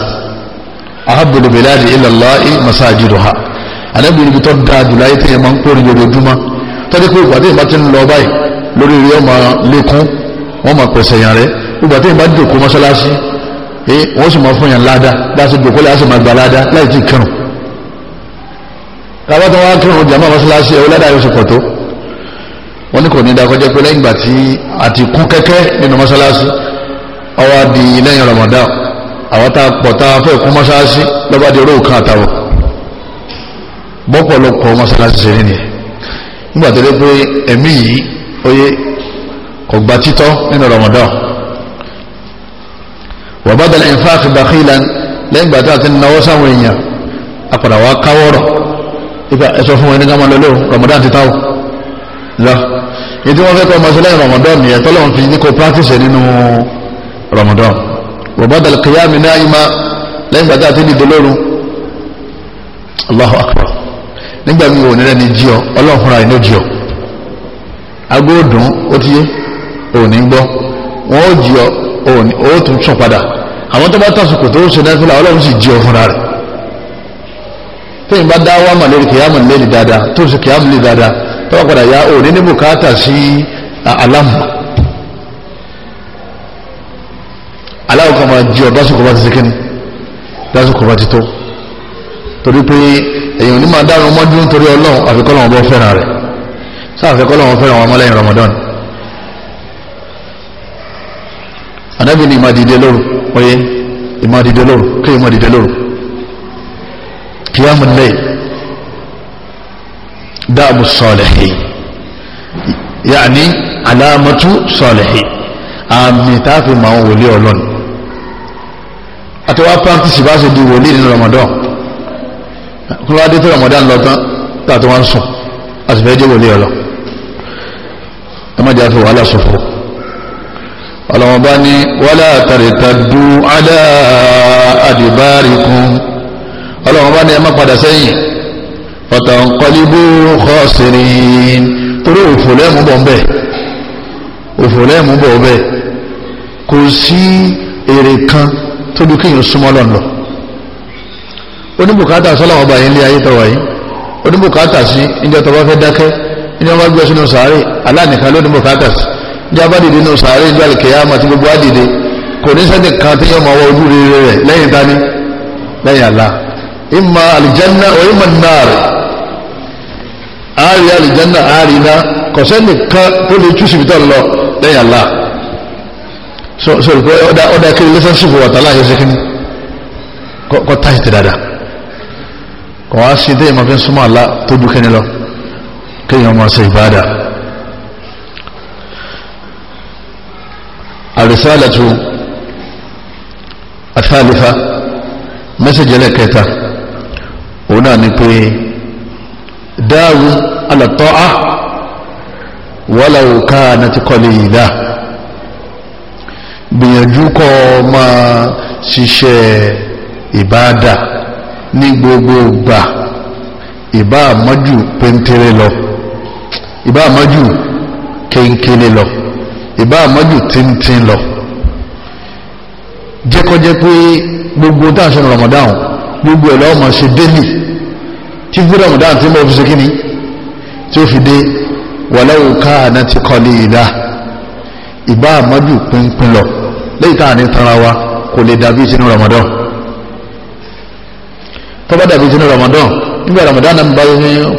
ahabul biladi ilallahi masajiduha anábìrìbì tó dáa jùlọ ayé tẹ́yìn máa ń kórìí ojoojúmọ́ tọ́jú pé ìpàdé ìbá ti ń lọ báyìí lórí rí ọmọ lékún wọ́n máa pèsè yàn rẹ̀ gbogbo àti ìbá jòkó mọ́ṣáláṣí eh, wọ́n sì máa fún yàn ládàá bá a ṣe jòkó láti máa gbà ládàá láì tí kírun tàbá tó wá kírun jàmá mọ́ṣáláṣí ẹ̀wọ́ ládàá yóò ṣe pọ̀ tó wọ́n ní kò ní dákọ́jẹ́ pé lẹ́yìn ìgbà tí a ti kẹ́kẹ́ nínú mọ́ṣáláṣí ọwọ́ di lẹ́yìn Ramadan àwọn tá a pọ̀ tá a fẹ́ kún mọ́ṣáláṣí lọ́ba di oró kan àtàwọ̀ bọ́pọ̀lọpọ̀ mọ́ṣáláṣí ṣe nínú nígbà tó dé pé ẹ̀mí yìí ó yẹ kò gba títọ́ nínú Ramadan wà bá dàlẹ́ infaq bakhilan lẹ́yìn ìgbà tá a ti náwó sáwọn èèyàn apàdà wa káwọ́rọ̀ ipa ẹ̀sọ́ fún wọn ní káwọn lọ́lọ́ Ramadan ti táwọ̀ lọ èyí tí wọ́n fẹ́ kọ́ ọmọ sílẹ̀ Ramadan nìyẹn tọ́lọ́run fi ní kó practice nínú Ramadan wà bá dàlẹ́ qiyami na'ima lẹ́yìn ìgbà tá a ti dìde lóru Allahu akbar nígbà mi ò ní rẹ́ni jí ọ ọlọ́run fúnra ẹ̀ ní ó agbóòdùn ó ti yé òní gbọ́ wọn ó jí ọ òní ó tún sùn padà àwọn tó bá tàṣùkò tó ṣe náfìlà ọlọ́run sì jí ọ fúnra rẹ̀ tẹ́yìn bá dá wàmà lórí kìyàmù lẹ́lì dáadáa tó sì kìyàmù lẹ́lì dáadáa tó wà padà ya òní ní bùkátà sí alámù aláwọ̀ kan máa jí ọ dásùkò bá ti ṣe kíni dásùkò bá ti tó torí pé èyàn ní máa dárun mọ́dún torí ọlọ́run àfikọ́lọ́wọ́n bọ́ fẹ́ràn rẹ̀ sáà àfikọ́lọ́wọ́n fẹ́ràn wọn mọ́lẹ́yìn Ramadan anábì ní ìmá dìde lóru ọyẹ ìmá dìde lóru kí ìmá dìde lóru qiyamul layl dáàbù salihin yàní alámọ́tú salihin àmì tààfin ma ń wòlé ọlọ́n àti wá pàtìsì bá ṣe di wòlé nínú Ramadan kúrò adé tó Ramadan lọ tán tààtí wọ́n sùn àti fẹ́ jẹ́ wòlé ọlọ́ ẹ má jẹ́ àti wàhálà sọ̀fọ́ ọlọ́wọ́n bá ní wala tartaddu ala adbarikum ọlọ́wọ́n bá ní ẹ má padà sẹ́yìn fatanqalibu khasirin torí òfò lẹ́mú bọ̀ bẹ́ẹ̀ òfò lẹ́mú bọ̀ bẹ́ẹ̀ kò sí èrè kan tóbi kéèyàn súnmọ́ lọ́nà oníbùkátà sọ́lọ́wọ́n bá yín lé ayé tọ́wọ́ yín oníbùkátà sí ìjọ fẹ́ dákẹ́ ìjọba gbé sínú sàárè aláàníkan lónìbùkátà sí jábá dìde nù sàárè ìjọ àlìkèyàmà tí gbogbo àdìde kò ní sẹ́ni kan tí yóò máa wọ ojú rere rẹ̀ lẹ́yìn dání lẹ́yìn àlá ìmà àlìjánná ò ìmà náàrì àárí àlìjánná àárí iná kò sẹ́ni kan tó lè tú síbi tó ń lọ lẹ́yìn àlá so so pé ọ̀dà ọ̀dà kiri lẹ́sẹ̀ sùfù wọ̀tá láyé ṣe kíní kọ́ táyì ti dáadáa kò wá sí dé ìmọ̀ fi súnmọ́ àlá tó dúkẹ́ni lọ kéèyàn máa ṣe ìbáadáa àrísàlẹ̀tù àtàlífà mẹ́sẹ̀jì ẹlẹ́kẹta òun náà ni pé dáàwù alàtọ́á wọ́láwù káà náà ti kọ́lé ìdá gbìyànjú kọ́ máa ṣiṣẹ́ ìbáadà ní gbogbo gbà ìbá àmọ́jù péńtéré lọ ìbá àmọ́jù kéńkéré lọ ìbá àmọ́jù tíntín lọ jẹ́kọ́jẹ́ pé gbogbo táàṣẹ́ Ramadan gbogbo ẹ̀ lọ́wọ́ máa ṣe délì tí gbé Ramadan tí mọ́ fi ṣe kíni tí ó fi dé walau kanat qalila ìbá àmọ́jù pínpín lọ lẹ́yìn táà ní tara wa kò lè dàbí sínú Ramadan tó bá dàbí sínú Ramadan nígbà Ramadan náà bá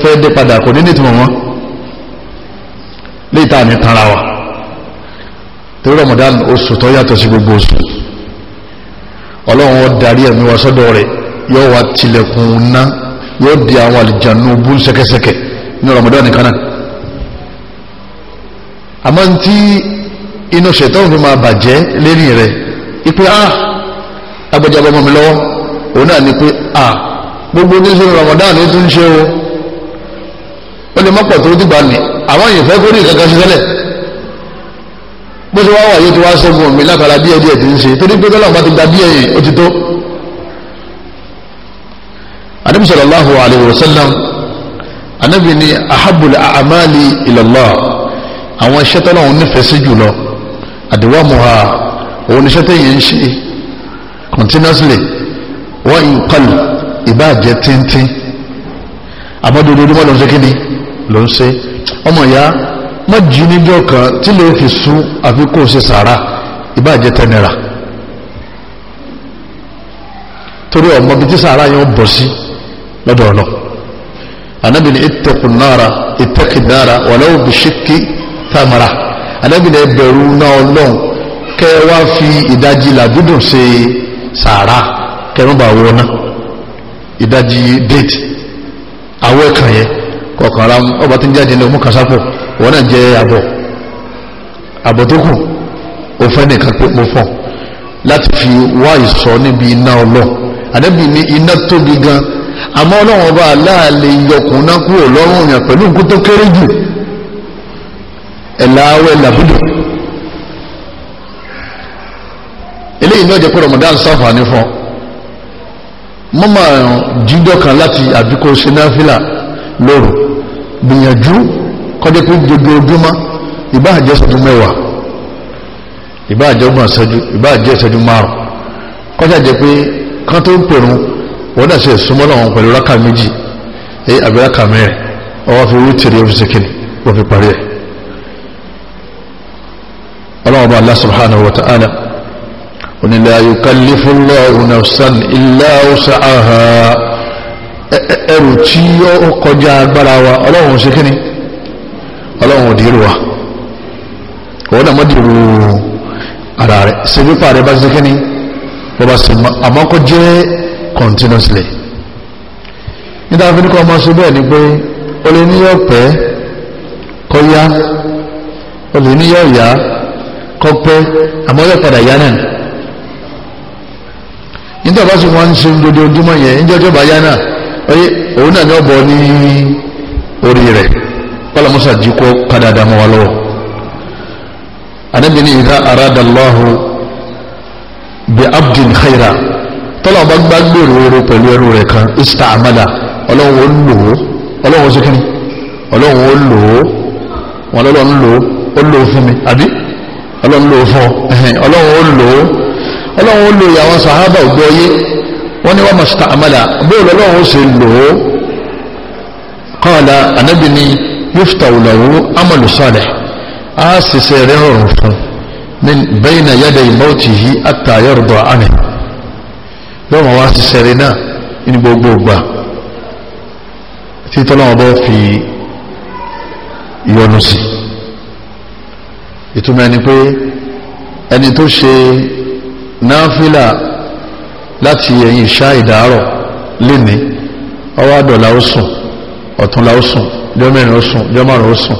fẹ́ dé padà kò ní nítumọ̀ wọn lẹ́yìn táà ní tara wa torí Ramadan oṣù tó yàtọ̀ sí gbogbo oṣù ọlọ́run ó darí ẹ̀mí wa sọ́dọ̀ rẹ̀ yóò wá tilẹ̀kùn ná yóò di àwọn àlìjànú bú ṣẹ̀kẹ̀ṣẹ̀kẹ̀ ní Ramadan nìkan náà àmọ́ tí inú ṣètọ́n fi máa bàjẹ́ lérí rẹ̀ ipe a ah, agbẹjẹ ọmọ mi lọ́wọ́ òun náà ni pé a ah, gbogbo ní sọ Ramadan ló tún ṣe o ó lè mọ́pọ̀ tó dìgbà ní àwọn èèyàn fẹ́ kórìí kankan ṣiṣẹ́lẹ̀ bó ṣe wá wà yóò ti wá ṣẹ́gun mi látara díẹ̀ díẹ̀ ti ń ṣe torí pé bẹ́lá ọba ti gba díẹ̀ yẹn ó ti tó. anabi sallallahu alayhi wa sallam anabi ni ahabul amali ilallah àwọn iṣẹ́ tọ́lá òun nífẹ̀ẹ́ sí jùlọ àdìwá muha òun iṣẹ́ tẹ̀yìn ń ṣe continuously wọ́n ń kọlù ìbáàjẹ́ tíntín abọ́dúdú ló mọ́ lọ́n ṣe kí ló ń ṣe ọmọ ìyá má jí níjọ́ kan tí lè fi sún àfi kó ṣe sàrà ìbáàjẹ́ tẹ́nira torí ọmọ bí tí sàrà yẹn bọ̀ sí lọ́dọ̀ ọ̀nà anábì ní ittaqun nara ittaqin nara walau bi shiqqi tamara anábì ní ẹbẹ̀rù náà ọlọ́run kẹ́ wá fi ìdajì làdúdùn ṣe sàrà kẹrùnbà wọná ìdajì déètì àwọ̀ ẹ̀kàn yẹn kọ̀ọ̀kan ra ọba tí ń jáde ní ọmú kan sápò wọ́n náà jẹ́ àbọ̀ àbọ̀ tó kù ó fẹ́ nìkan pé mo fọ̀ láti fi wá ìsọ níbi iná ọlọ́ àdẹ́bì ní iná tóbi gan àmọ́ ọlọ́run ọba aláàlè yọkùn náà kúrò lọ́rùn yàn pẹ̀lú nǹkan tó kéré jù ẹ̀láwẹ̀ làbúdò eléyìí náà jẹ́ pé Ramadan sáfàní fún mọ́mọ́ jíjọ́ kan láti àbíkó sináfílà lóru gbìyànjú kọjá pé dojoojúmọ́ ìbá àjẹ́ ìṣẹ́jú mẹ́wàá ìbá àjẹ́ ọgbọ̀n ìṣẹ́jú ìbá àjẹ́ ìṣẹ́jú márùn kọjá jẹ́ pé kán tó ń pèrún wọ́n dà sí ìsúnmọ́ náà wọn pẹ̀lú rákà méjì ẹ àbí rákà mẹ́rin ọwọ́ fi wí tèrè ọ́fíìsì kìnnì wọ́n fi parí ẹ̀ ọlọ́wọ́ bá Allah subhanahu wa ta'ala òní la yukallifullahu nafsan illa ọlọ́run ò dìrò wa òun náà mọ́ dìrò ara rẹ̀ ṣe pípa rẹ̀ bá ṣe kí ni wọ́n bá jẹ́ continuously níta fi ní kọ́ ọmọ ṣe bẹ́ẹ̀ ni pé o lè ní yọ pẹ́ kọ́ yá o lè ní yọ yá kọ́ pẹ́ àmọ́ yọ padà yá náà níta bá sì wọ́n ń ṣe gbogbo ojúmọ́ yẹn níjọ́ tó bá yá náà òun náà ni ọ̀bọ̀ ní orí rẹ̀ kọ́lá musa jí kó padà dàmú wa lọ́wọ́ anábìíní ìdá aradallahu bi abdin khaira tọ́lá ọba gbá gbèrò oró pẹ̀lú ẹrú rẹ̀ kan ista amala ọlọ́run ó lò ó ọlọ́run ó ṣe kíni ọlọ́run ó lò ó wọn lọ́lọ́run lò ó lò ó fún mi àbí ọlọ́run lò ó fún ọ ọlọ́run ó lò ó ọlọ́run ó lò ìyàwó sàhábà ògbóyé wọ́n ní wọ́n mọ̀ sta amala bóòlù ọlọ́run ó ṣe yuftahu lahu amalu salih a ṣiṣẹ́ rẹ̀ rọrùn fún min bayna yaday mawtihi hatta yarda anhu yóò máa wá ṣiṣẹ́ rẹ̀ náà ní gbogbo ìgbà tí tọ́lọ́wọ́ bọ́ fi ìyọnu sí ìtumọ̀ ẹni pé ẹni tó ṣe náfílà láti ẹ̀yìn ìṣá ìdárọ̀ lénìí ọwọ́ àdọ̀là ó sùn ọ̀túnlá ó sùn jọ mẹ́rin ó sùn jọ márùn ó sùn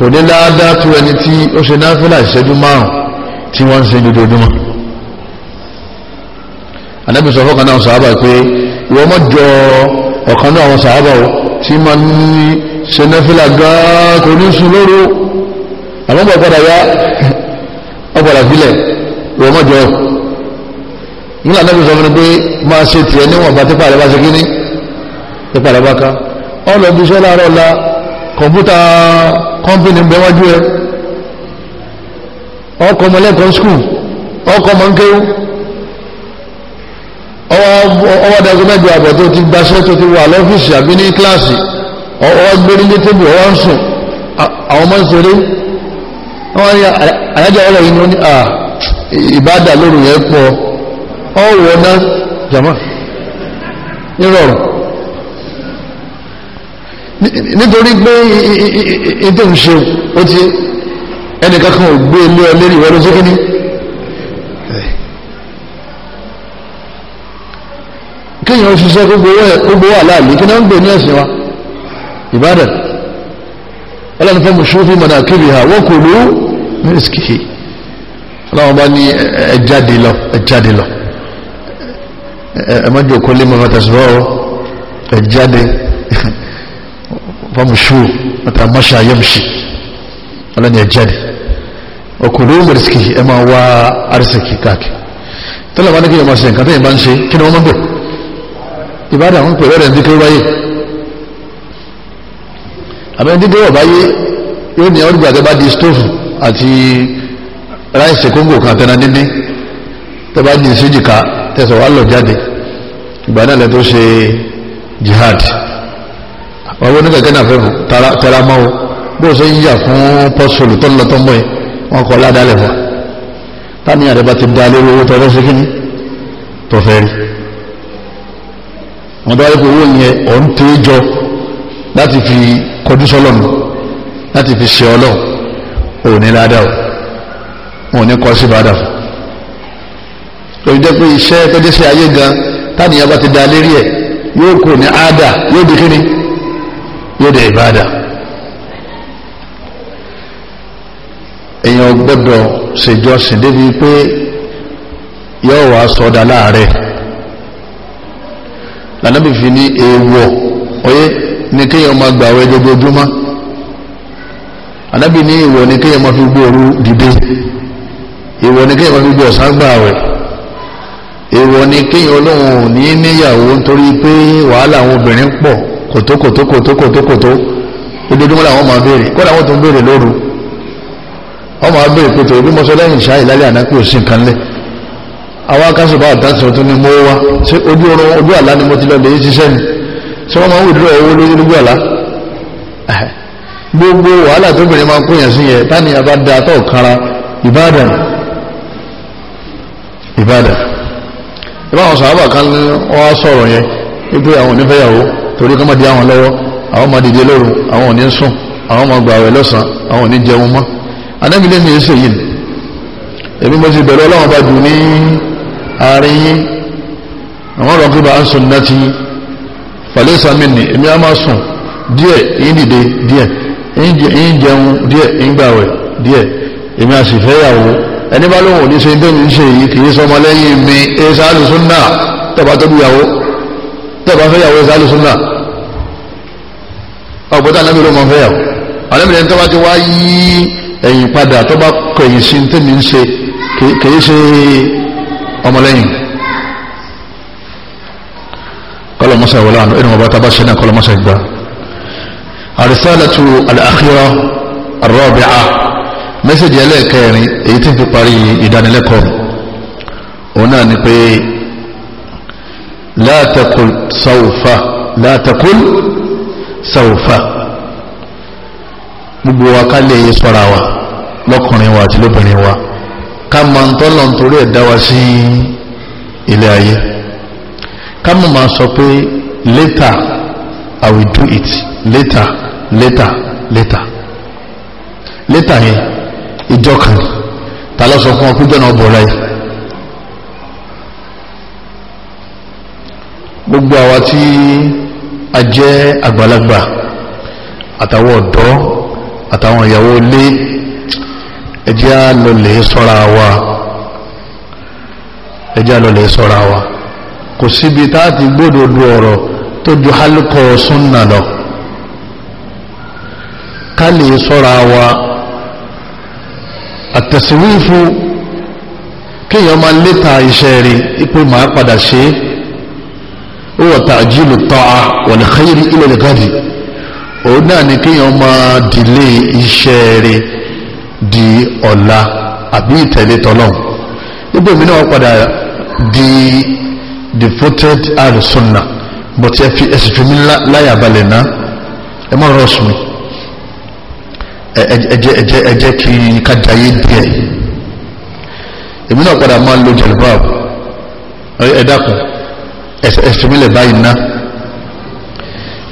kò ní dáadáa tó ẹni tí ó ṣe náfìlà ìṣẹ́jú márùn tí wọ́n ń ṣe dojoojúmọ́ anábì sọ fọ́kàn náà sàábà pé ìwọ mọ́ jọ ọ̀kan náà àwọn sàábà o tí ma ń ṣe náfìlà gan-an kò ní sùn lóru àwọn ọmọ ọ̀padà yá ọ̀padà sílẹ̀ ìwọ mọ́ jọ nílànà bí sọ fún mi pé máa ṣe tiẹ̀ níwọ̀n bá tí pàdé bá ṣe kí ní tí pàdé bá ká ọlọ́bíṣẹ́ láàárọ̀ ọ̀la kọ̀mpútà kọ́mpìnì bẹ̀wájú ẹ ọkọ̀ mọ̀lẹ́kọ̀ọ́ skul ọkọ̀ mọ̀nkéwú ọwọ́ dago mẹ́jọ àbọ̀ tó ti gbaṣẹ́ tó ti wà lọ́fíìsì àbí ní kíláàsì ọwọ́ gbérí ní tébù ọwọ́ ń sùn àwọn ọmọ ń wọ́n ní àyájọ́ ọlọ́ yìí ní à ìbádà lóru yẹn pọ̀ jàmá nírọ̀rùn nítorí pé ètò ìṣe ó ti ẹnìkan kan ò gbé ilé ọ lérí ìwọ́n lóṣókè ní kíyàn òṣìṣẹ́ gbogbo wà láàlú kí náà ń gbé ní ẹ̀sìn wa ìbádàn ọlọ́run fẹ́ mọ̀ṣú fún mọ̀nà kébì ha wọ́n kò ló mírísìkì ọlọ́run bá ní ẹjáde lọ ẹjáde lọ ẹ̀mọ́jọ́ kọ́lé mọ́ta ṣùgbọ́n ẹjáde famushu matamasha masha yamshi ọlọ́ni ẹ̀ jáde ọkùnrin ó mọ̀rẹ́sìkì ẹ máa wá arísìkì káàkiri tọ́lá wọn ní kí ẹ máa ṣe nǹkan tẹ́yìn bá ń ṣe kí ni wọ́n máa ń bẹ̀ ìbádà wọn pè lọ́rẹ̀ ní díkẹ́ wáyé àbẹ́ díkẹ́ wọ̀ báyé yóò ní ọdún gbàgbé bá jihad wọ́n wọ́n ní kẹ̀kẹ́ náà fẹ́ fún tẹ́ra mọ́ o bó o ṣe ń yà fún pọ́sùlù tó ń lọ tó ń bọ̀ yìí wọ́n kọ́ ládàálẹ̀ fún tani àdébá ti da lórí owó tọ́lọ́ sí kíní tó fẹ́ rí wọ́n dáwọ́ pé owó yẹn ọ̀ ń tẹ́ jọ láti fi kọjú sọ́lọ̀ nù láti fi ṣe ọlọ́ ò ní ládàá wọn ò ní kọ́ sí bàdà fún lórí jẹ́ pé iṣẹ́ tó ayé gan tani àbá ti da lérí ẹ̀ yóò kò ní àádà yóò yóò dé ìbáàdà èèyàn gbọ́dọ̀ ṣèjọsìn débi pé yóò wá sọ́dá láàrẹ̀ lànàbì fi ní èèwọ̀ oyé ní kéèyàn máa gbà wẹ́ jojoojúmọ́ ànábì ní èèwọ̀ ní kéèyàn máa fi gbòòrú dìde èèwọ̀ ní kéèyàn máa fi gbòòrú sáńgbà wẹ̀ ní kéèyàn olóhùn ní níyàwó nítorí pé wàhálà àwọn obìnrin pọ̀ koto koto koto koto kòtó ojoojúmọ́ làwọn máa béèrè kó làwọn tó ń béèrè lóru wọ́n máa béèrè pé tòun bí mo sọ lẹ́yìn ìṣá ìlálẹ́ àná pé òsín lẹ́ àwọn akásù bá àtàtì ọ̀tún ni mo wá ṣé ojú oorun ojú àlá ni mo ti lọ lè ṣiṣẹ́ ni ṣé wọ́n máa ń wùdúrọ̀ owó lórí lójú àlá gbogbo wàhálà tó bìnrin máa ń kóyàn sí yẹn da ìbáwọn wọ́n á sọ̀rọ̀ yẹn àwọn torí kọ́ mọ̀dé àwọn lọ́wọ́ àwọn ọmọ dìde lóru àwọn ò ní sùn àwọn ọmọ gbààwẹ̀ lọ́sàn àwọn ò ní jẹun mọ́ anábì lè mi ṣe yìí èmi mo ti bẹ̀rẹ̀ ọlọ́wọ́n bá jù ní àárín yín àwọn ọ̀rọ̀ kí bá ń sùn náà ti falẹ́sà mi nì èmi á máa sùn díẹ̀ èyí dìde díẹ̀ èyí jẹun díẹ̀ èyí gbààwẹ̀ díẹ̀ èmi á sì fẹ́ yàwó ẹni bá lóhùn ò ní ṣe ń tẹ́yìn tọ́ba fẹ́ yàwó ẹ̀sán alùsùnà ọ̀gbọ́dá anábì ló máa fẹ́ yàwó anábìrin tọ́ba ti wá yí ẹ̀yìn padà tọ́ba kọ̀yìn sí tèmi ń ṣe kìí ṣe ọmọlẹ́yìn kọlọmọsà ìwọlá àná ẹnu ọba tábà ṣe náà kọlọmọsà ìgbà àrísàlẹ̀tù àlàáhírọ̀ àrọ́bìá mẹ́sẹ̀jì ẹlẹ́ẹ̀kẹrin èyí tí ń fi parí ìdánilẹ́kọ̀ọ́ òun náà ni pé la taqul sawfa la taqul sawfa gbogbo wa ká lè yé sọ́ra wa lọ́kùnrin wa àti lóbìnrin wa ká máa ń tọ́lọ̀ nítorí ẹ̀ dá wa sí ilé ayé ká mọ̀ máa sọ pé later I will do it later later later later yẹn ìjọ kan ta ló sọ fún láyé. gbogbo àwa tí a jẹ́ àgbàlagbà àtàwọn ọ̀dọ́ àtàwọn ìyàwó ilé ẹjẹ́ àlọlẹ̀ sọ́ra wa ẹjẹ́ àlọlẹ̀ sọ́ra wa kò síbi táàtì gbódòdó ọ̀rọ̀ tó ju hálùkọ̀ súnnà lọ ká lè sọ́ra wa àtẹ̀síwífú kéèyàn máa létà iṣẹ́ rí ipò máa padà ṣe huwa ta'jilu ta'a wal khayri ila al ghadi òun náà ni kéèyàn máa dìlé iṣẹ́ rẹ̀ di ọ̀la àbí ìtẹ̀lé tọ́lọ́hún nígbà mí náà padà di devoted al-sunnah bọ̀tí ẹ fi ẹsẹ̀ fi mí láyà balẹ̀ náà ẹ má rọ̀ sùn mí ẹjẹ ẹjẹ ẹjẹ kí kájayé díẹ̀ èmi náà padà máa ń lo jalbab ẹ dákun ẹ̀sìnmílẹ̀ báyìí ná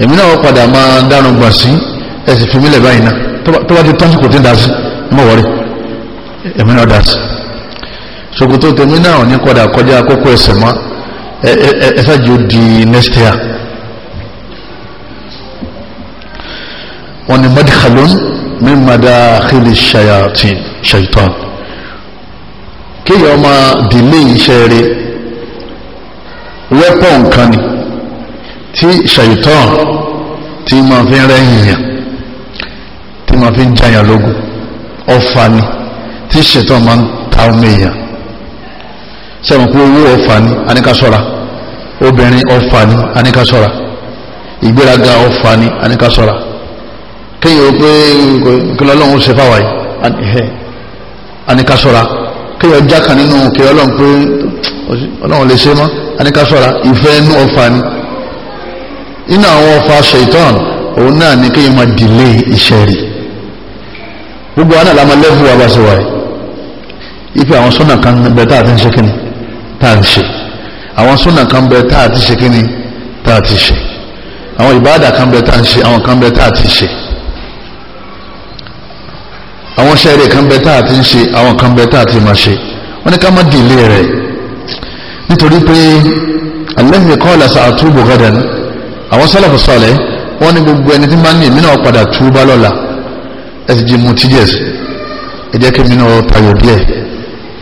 èmi náà padà máa dárun gbà sí ẹ̀sìnfìmílẹ̀ báyìí ná tó bá ti tán sí kò tí ń dá sí mọ̀ wọ́rí èmi náà dá sí ṣòkòtò tèmi náà ní padà kọjá àkókò ẹsẹ̀ mọ́ ẹ̀ẹ́sàjò di next year wọ́n ni madkhalun min madakhili shayatin shaitan kéèyàn máa dìlé iṣẹ́ rẹ̀ wẹ́pọ̀ nǹkan ni tí ṣàìtàn tí ma fi ń rẹ́yìn yàn tí ma fi ń jayàn lógún ọfà ni tí ṣàìtàn ma ń ta ọmọ èèyàn sẹ́wọ̀n pé owó ọfà ni aníkásọ́ra obìnrin ọfà ni aníkásọ́ra ìgbéraga ọfà ni aníkásọ́ra kéyìn ó pé kílọ̀ ọlọ́run ṣe fáwà yìí aníkásọ́ra kéyìn ọjà nínú kéyìn ọlọ́run pé ọlọ́run lè ṣe mọ́ Anikasora ìfẹ́ inú ọfà ni inú àwọn ọfà ṣèitán òun náà ni kéèyàn máa dìlé iṣẹ́ rí gbogbo àwọn àlámà lẹ́fù wa bá ṣe wáyé ipe àwọn sọ́nà kan bẹ tá a ti ń ṣe kíni tá a ti ṣe àwọn sọ́nà kan bẹ tá a ti ṣe kíni tá ti ṣe àwọn ìbáàdà kan bẹ tá ṣe àwọn kan bẹ tá ti ṣe àwọn ṣẹ́ẹ̀rẹ̀ kan bẹ tá ti ṣe àwọn kan bẹ tá ti máa ṣe wọ́n ní ká má dìlé rẹ̀ nítorí pé alẹ́sìn kọ́ làṣà àtúbò gọ́dẹ̀ ní àwọn sọ́lọ̀fù sọ́lẹ̀ wọ́n ní gbogbo ẹni tí máa ń ní ìmínà padà túbá lọ́la ẹ̀sì jí mu tíjẹ̀s ẹ̀jẹ̀ kí ìmínà tayọ̀ díẹ̀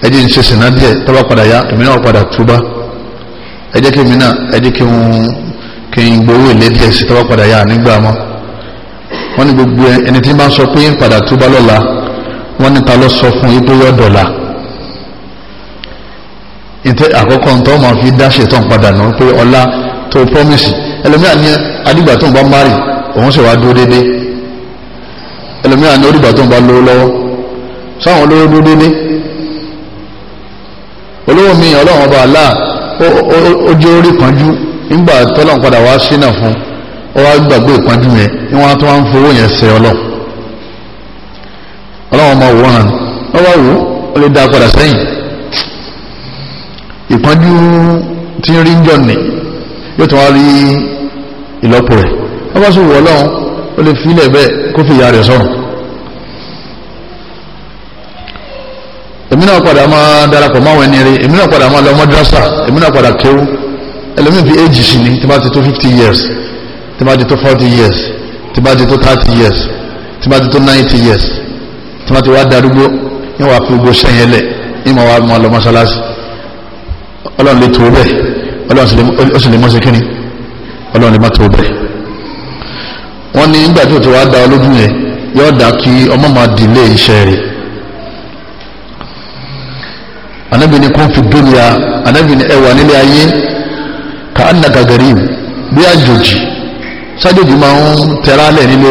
ẹ̀jẹ̀ ń ṣe sìnà díẹ̀ tọ́ba padà yá ìmínà padà túbá ẹ̀jẹ̀ kí ìmínà ẹ̀jẹ̀ kí ń gbowó ilé díẹ̀ sí tọ́ba padà yá nígbà mọ́ wọ́n ní gbogbo ìtẹ́ àkọ́kọ́ ntọ ma fi dá ṣètàn padà náà pé ọlá tó promise ẹlòmíà ní adìgbà tó ń bá mari òun sì wá dúró dédé ẹlòmíà ní orígbà tó ń bá lówó lọ́wọ́ sáwọn olówó dúró dédé olówó mi ọlọ́run ọba aláà ó jẹ́ orí kanjú nígbà tọ́lọ́n padà wá fún wá gbàgbé yẹn ni wọ́n tó wá ń fowó yẹn ṣe ọlọ́run ọlọ́run ọmọ ìpọ́njú tí ń rí ń jọ nì yóò tún wá rí ìlọ́po rẹ̀ wọ́n bá sọ̀rọ̀ ọlọ́run ó lè fi ilẹ̀ bẹ́ẹ̀ kó fi ìyá rẹ̀ sọ̀rọ̀ èmi náà padà máa darapọ̀ máwọn ẹni rí èmi náà padà máa lọ mọ́dúrásà èmi náà padà kéwú ẹlòmíì fi éjì sí ni tí bá ti tó fifty years tí bá ti tó forty years tí bá ti tó thirty years tí bá ti tó ninety years tí bá ti wá darúgbó yẹn wàá fi gbogbo sẹ́yìn ẹlẹ̀ yẹn máa wá máa lọ mọ́sálásí ọlọ́run lè tó bẹ́ẹ̀ ọlọ́run sì lè mọ́ sí kíni ọlọ́run lè má bẹ́ẹ̀ wọ́n tí wá da olójú yẹn yóò kí ọmọ máa dìlé iṣẹ́ rẹ̀ anabi ni fi dúnìá anabi ni ẹwà nílé ayé ká anna gàgàrí bí àjòjì sájòjì máa ń tẹ̀ra nílé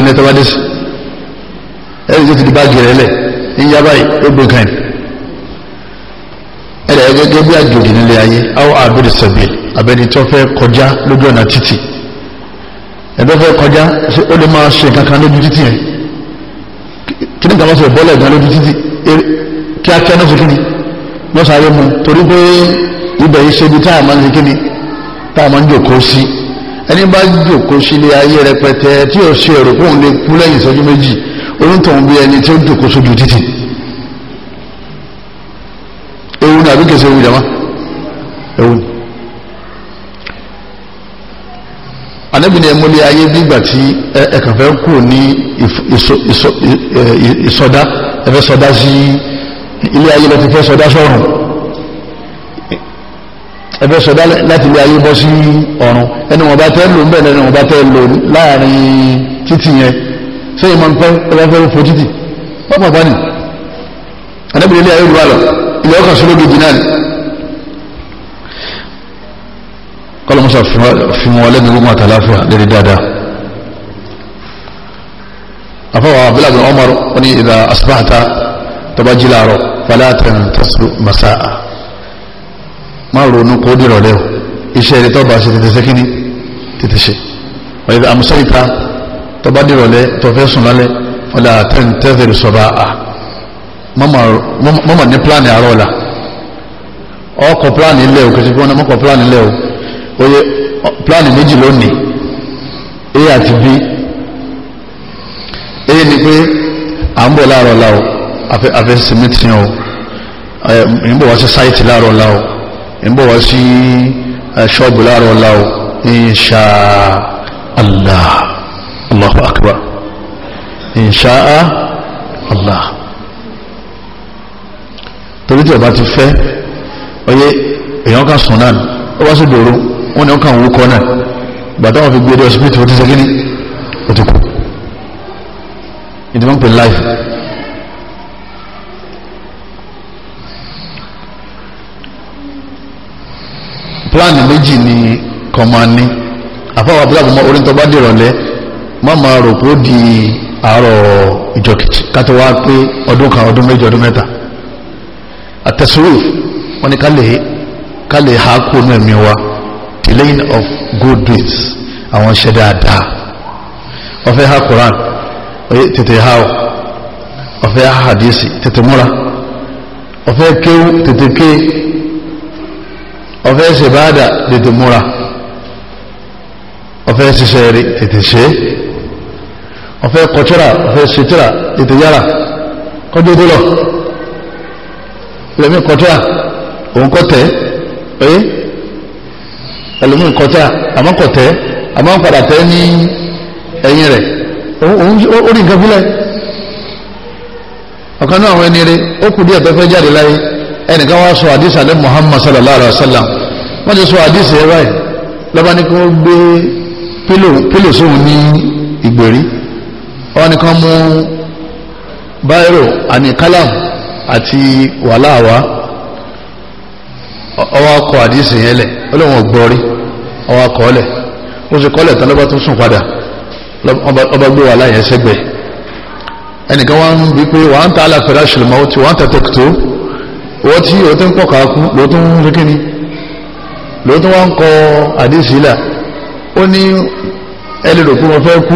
ẹ̀rí tó ti di báàgì rẹ̀ lẹ̀ báyìí ó gbé kan yìí ẹ̀rẹ̀ gẹ́gẹ́ bí àjòjì nílé ayé áwọ̀ àbẹ̀rẹ̀ sẹ̀bẹ̀ abẹ́ni tó fẹ́ kọjá lójú ọ̀nà títì ẹ̀dọ́ fẹ́ kọjá ó lè máa ṣe kankan lójú títì yẹn kí ní kàmọ́sọ̀ bọ́lẹ̀ gan lójú títì kíákíá náà sókè ni wọ́n sáré mu torí pé ibẹ̀ yìí ṣe bí táà máa ń ṣe kíni táà máa ń jòkóó sí ẹni bá jòkóó sí ilé ayé rẹpẹtẹ tí ò ṣe èrò kóun lè kú lẹ́yìn ìṣẹ́jú méjì orúntàn bí ẹni tí ó jòkóó sójú títì àbí kèsè ewu jama ewu ni anabi ni ẹmúlẹ ayé nígbà tí ẹkàn fẹ́ kú ní ìsọdá ẹfẹ́ sọdá sí ilé ayé lọ ti fẹ́ sọdá sọ́run ẹfẹ́ sọdá láti ilé ayé bọ́ sí ọ̀run ẹni wọn bá tẹ́ ń bẹ̀rẹ̀ ẹni wọn bá tẹ́ láàrin títì yẹn sẹ́yìn máa ń pẹ́ ẹbá fẹ́ títì pápá bá nì anabi ni ilé ayé rú ilẹ̀ ọkàn sọ́lọ́ gidi náà kọlọmọsọ fi wọn lẹ́nu gbogbo àtàláfíà lérí dáadáa afọwọ́ abúlábùn Umar oní ìdá asibáta tọba jí láàárọ̀ falatan tasu masaa má ronú kó dìrọ̀ lẹ́wọ̀ iṣẹ́ rẹ̀ tọba ṣe tètè sẹ́kíní tètè ṣe wọ́n ìdá amúsọ́ríta tọba dìrọ̀ lẹ́ tọfẹ́ sùn lálẹ́ falatan tẹ́fẹ̀rẹ̀ sọ́bàá mọ́mọ̀ ní pílánì àárọ̀ ọ̀la ọkọ̀ pílánì ilẹ̀ o kìí fún ọmọkọ̀ pílánì ilẹ̀ o oye pílánì méjì lónìí a àti b a ni pé à ń bọ̀ láàárọ̀ ọ̀la o àfẹ́ simiti o ń bọ̀ wá sí sáìtì láàárọ̀ ọ̀la o ń bọ̀ wá sí ṣọ́ọ̀bù láàárọ̀ ọ̀la o insha Allah Allahu akbar insha Allah torí tí ọba ti fẹ́ oyé èèyàn kan sùn náà ó wá sí dòrò wọn ni wọn kàn wú kọ náà gbàtà wọn fi gbé dé ọsibítù ó ti ṣe kíní ó ti kú ìdí wọn pè láìfù pláàni méjì ni kọmani àfáwọn abúláàbù mọ orí tó bá dèrò má máa rò pé ó di àárọ̀ ìjọkìtì ká tó wá pé ọdún kan ọdún méjì ọdún mẹ́ta àtẹ̀sùrù wọn ni ká lè ha kó ní ẹ̀mí wa delaying of good deeds àwọn ṣe dáadáa ọ̀fẹ́ ha Quran tètè ha ọ ọ̀fẹ́ ha hadisi tètè múra ọ̀fẹ́ kéwú tètè ké ọ̀fẹ́ ṣèbáàdà tètè múra ọ̀fẹ́ ṣiṣẹ́ rí tètè ṣe ọ̀fẹ́ kọ̀tíra ọ̀fẹ́ ṣètíra tètè yára kọjú dúró ẹlòmíì kọtà òun kọtẹ ẹ ẹlòmíì kọtà àmọ́ kọtẹ àmọ́ padà tẹ ní ẹ̀yìn rẹ̀ ó rí nǹkan fúnlẹ̀ ọ̀kan náà àwọn ẹni rẹ̀ ó kù díẹ̀ pẹ́pẹ́ jáde láyé ẹnìkan wá sọ àdìsí alẹ́ Muhammad sallallahu alayhi wa sallam wọ́n ti sọ àdìsí ẹ̀ báyìí lọ́ba ní kí wọ́n gbé pílò sóhun ní ìgbèrí wọ́n ní kí mú báírò àní kálámù àti wàláàwá ọwọ́ akọ àdísì yẹn lẹ̀ ọlọ́wọ́n gbọ́rí ọwọ́ akọ ọlẹ̀ mo sì kọ́lẹ̀ tán lọ́ba tó sùn padà ọba gbé wàhálà yẹn sẹ́gbẹ̀ ẹnìkan wá ń bí pé wà á ń ta aláfẹ́rẹ́ àṣìlẹ̀mọ́ tí wà á ń ta tẹ́kító owó tí o ti ń pọ̀ káàkú ló ń fi kíni ló tún ń kọ àdísì là ó ní ẹni rò pé mo fẹ́ kú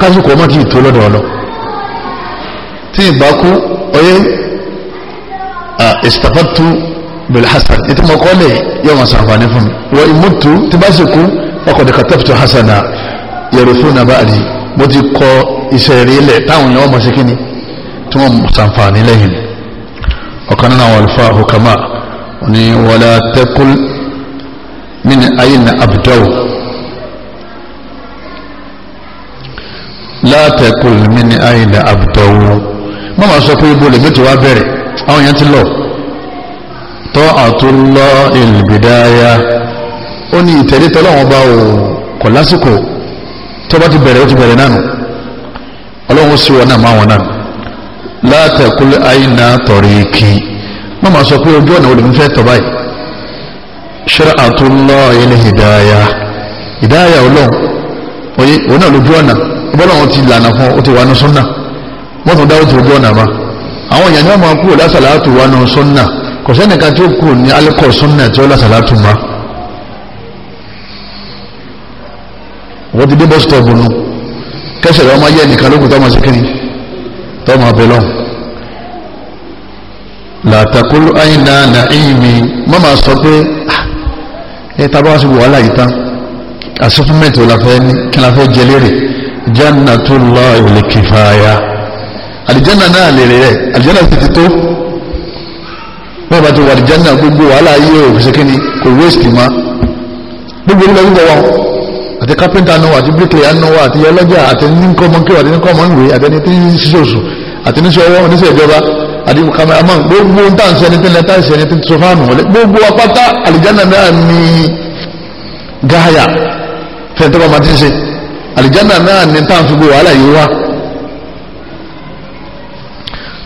kásìkò ọmọ kì í tó lọ́dọ̀ tí ì Ah, istafatu bil hasan ìtí mo kọ́lẹ̀ yóò wọn sàǹfààní fún mi wọ́n ìmútu tí bá sì kú ọkọ̀ ní kataptu hasana yẹ̀rù fún nàbà àdì mo ti kọ iṣẹ́ rí ilẹ̀ táwọn èèyàn ọmọ sí kí ni tí wọ́n sàǹfààní lẹ́yìn ọ̀kan nínú alfa hukama ni wàlá tẹ́kùl min ayin abdul látẹ̀kùl min ayin abdul mọ́mọ́ sọ pé ibo lèmi ti wá bẹ̀rẹ̀ àwọn èèyàn ti lọ tọ́ àtúlọ́ ìlbìdáyà ó ní ìtẹ̀lé tọ́lọ́wọ́n bá ò kọ̀ lásìkò tó bá ti bẹ̀rẹ̀ ó ti bẹ̀rẹ̀ náà ọlọ́run sí wọn náà máa wọn náà látẹ̀kúlẹ̀ àyínà tọ̀rọ̀ ìkì wọ́n máa sọ pé ojú ọ̀nà olùmí fẹ́ tọ̀ báyìí ṣẹ́rẹ́ àtúlọ́ ilẹ̀ ìdáyà ìdáyà ọlọ́run òye òun náà lójú ọ̀nà ọbọ̀lọ́run ti lànà fún ó ti wà ní súnà wọ́n tún dáwọ́ ti ojú ọ̀nà máa àwọn èèyàn ní wọ́n máa kúrò lásàlátù wa nù sunna kò sẹ́nìkan tí ó kúrò ní alikọ̀ sunna tí ó lásàlátù ma wọ́n ti dé bọ́ sítọ̀bù nù kẹsẹ̀ lọ́mọ yẹ nìkan lókùn tọ́mọ sí kiri tọ́mọ abẹ lọ́hùn. làtàkùrú àyìnà nàìmí mọ́mà sọ pé ah, ẹ tá a bá wá wàhálà yìí tán àsọfúnmẹ́tì ò ní kí la fẹ́ jẹ lérè jannatullahi wal kifaya àlìjánà náà lèrè rẹ̀ àlìjánà sì ti tó bẹ́ẹ̀ bá ti wà àlìjánà gbogbo wàhálà ayé ò fi ṣe kí ni kò wéèsì ma gbogbo orí lọ́gbọ̀ wa àti kápẹ́ntà náà àti bíríkìlì àná wa àti ọlọ́jà àti níkọ́mọ́kẹ́ àti níkọ́mọ́nìwé àti ẹni tí ń ṣiṣẹ́ oṣù àti níṣẹ́ ọwọ́ oníṣẹ́ ìjọba àti kàmẹ́rámà gbogbo ń tà sẹ́ni tí ń lẹ́tà ìṣẹ́ni tí ń sọ fáànù wọlé gbogbo apáta àlìjánà náà ní gáyà fẹ́ntẹ́ bá ma ti ṣe àlìjánà náà ní tàǹfìgbò wàhálà yìí wá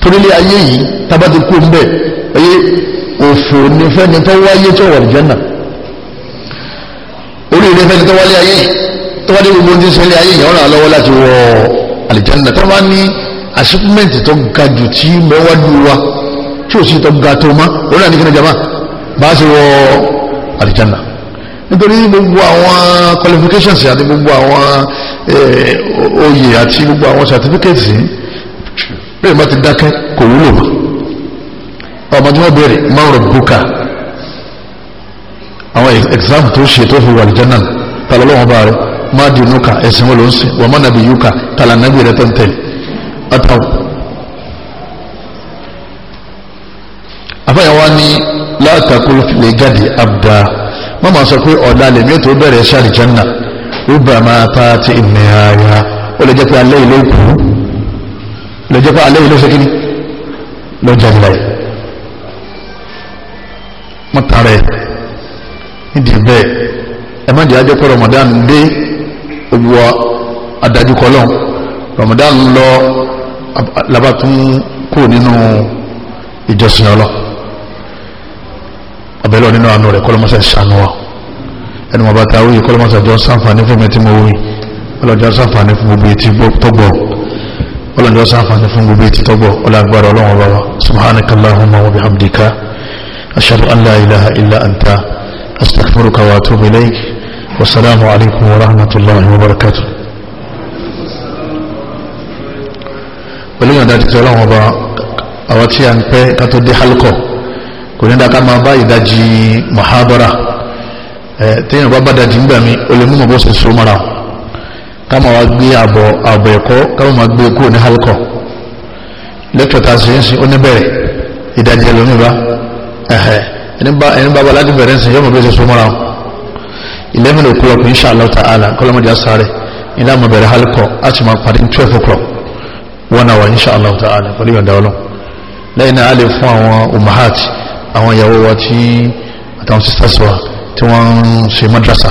torílé ayé yìí tábà ti kú mbẹ ẹyẹ òfò nífẹ̀ẹ́ni tó wáyé tó wà lìjẹ́ náà orí ìrẹ́fẹ́ni tó wáyé ayé tó wáyé gbogbo ní sẹ́lẹ̀ ayé yìí ọ̀rọ̀ àlọ́wọ́ láti wọ àlìjẹ́nà tó wá ní àṣípmẹ́ǹtì tó ga jù tí mẹ́wàdù wa tí ò sí tó ga tó má orí àní kíni jama bá a ṣe wọ àlìjẹ́nà nítorí gbogbo àwọn qualifications àti gbogbo àwọn eh, oyè àti gbogbo àwọn certificates yìí bẹ́ẹ̀ bá ti dákẹ́ kò wúlò mọ́ ọmọ tí wọ́n béèrè máa rọ̀ bùkà àwọn ẹ̀gzáàmù tó ṣe tó fi wà lìjẹ́ náà tàbí ọlọ́wọ́n bá rẹ máa di nuka ẹ̀sìn wọn ló ń sìn wọ́n má nàbí yuka tàbí ànábì rẹ tẹ̀ǹtẹ̀ àtàwọn. àbáyọ̀wá ní látàkùn lè jáde àbdá wọ́n máa sọ pé ọ̀dà lèmi tó bẹ̀rẹ̀ ṣàlìjẹ́ náà ó bàmá tá a ti ìnìyàrá lọ jẹ́ pé alẹ́ yìí ló ṣe kíní ló jáde láyé wọ́n nídi bẹ́ẹ̀ ẹ má jẹ́ ajẹ́ pé Ramadan dé gbogbo adájú kọlọ́ Ramadan lọ labatun kú nínú ìjọsìn ọlọ́ abẹ́lẹ́ nínú àánú rẹ̀ kọ́lọ́mọṣẹ́ ṣàánú wa ẹnu wọn bá ta wíyí kọ́lọ́mọṣẹ́ jọ sáǹfààní fún mi tí mo wí ọlọ́jọ́ sáǹfààní fún gbogbo etí tó gbọ́ ọlọ́njọ́ sáfàní fún gbogbo ètò tọ́gbọ̀ ọlágbára ọlọ́wọ́n bàbá subhanakallahumma wa bihamdika ashhadu an la ilaha illa anta astaghfiruka wa atubu ilayk wa salaamu alaykum wa rahmatullahi wa barakatuh pẹ̀lú ìyọ̀nda ti tọ́ ọlọ́wọ́n bàbá àwọn tí a ń pẹ́ ká tó dé halkọ̀ kò ní dáká máa bá ìdajì muhabara téèyàn bá bá dajì ń gbà mí olè mú mọ̀ bó ṣe so mọ́ra wọn káma wá gbé àbọ̀ àbọ̀ ẹ̀kọ́ káma wá gbé e kúrò ní halkọ̀ lẹ́kítọ̀ tá a sì ń sin oníbẹ̀rẹ̀ ìdajì ẹlòmíba ẹ̀hẹ̀ ẹni bá bá bẹ̀rẹ̀ ń sin yọmọ bí ó ṣe so mọ́ra eleven o'clock insha allah ta'ala kọ́lọ́mọdé asáré ilé àmọ̀ bẹ̀rẹ̀ halkọ̀ a sì máa parí twelve o'clock one hour insha allah ta'ala pẹ̀lú yọ̀ǹda ọlọ́ lẹ́yìn náà a lè fún àwọn umahat àwọn ìyàwó wa tí àtàwọn sisters wa tí wọ́n ń ṣe madrasa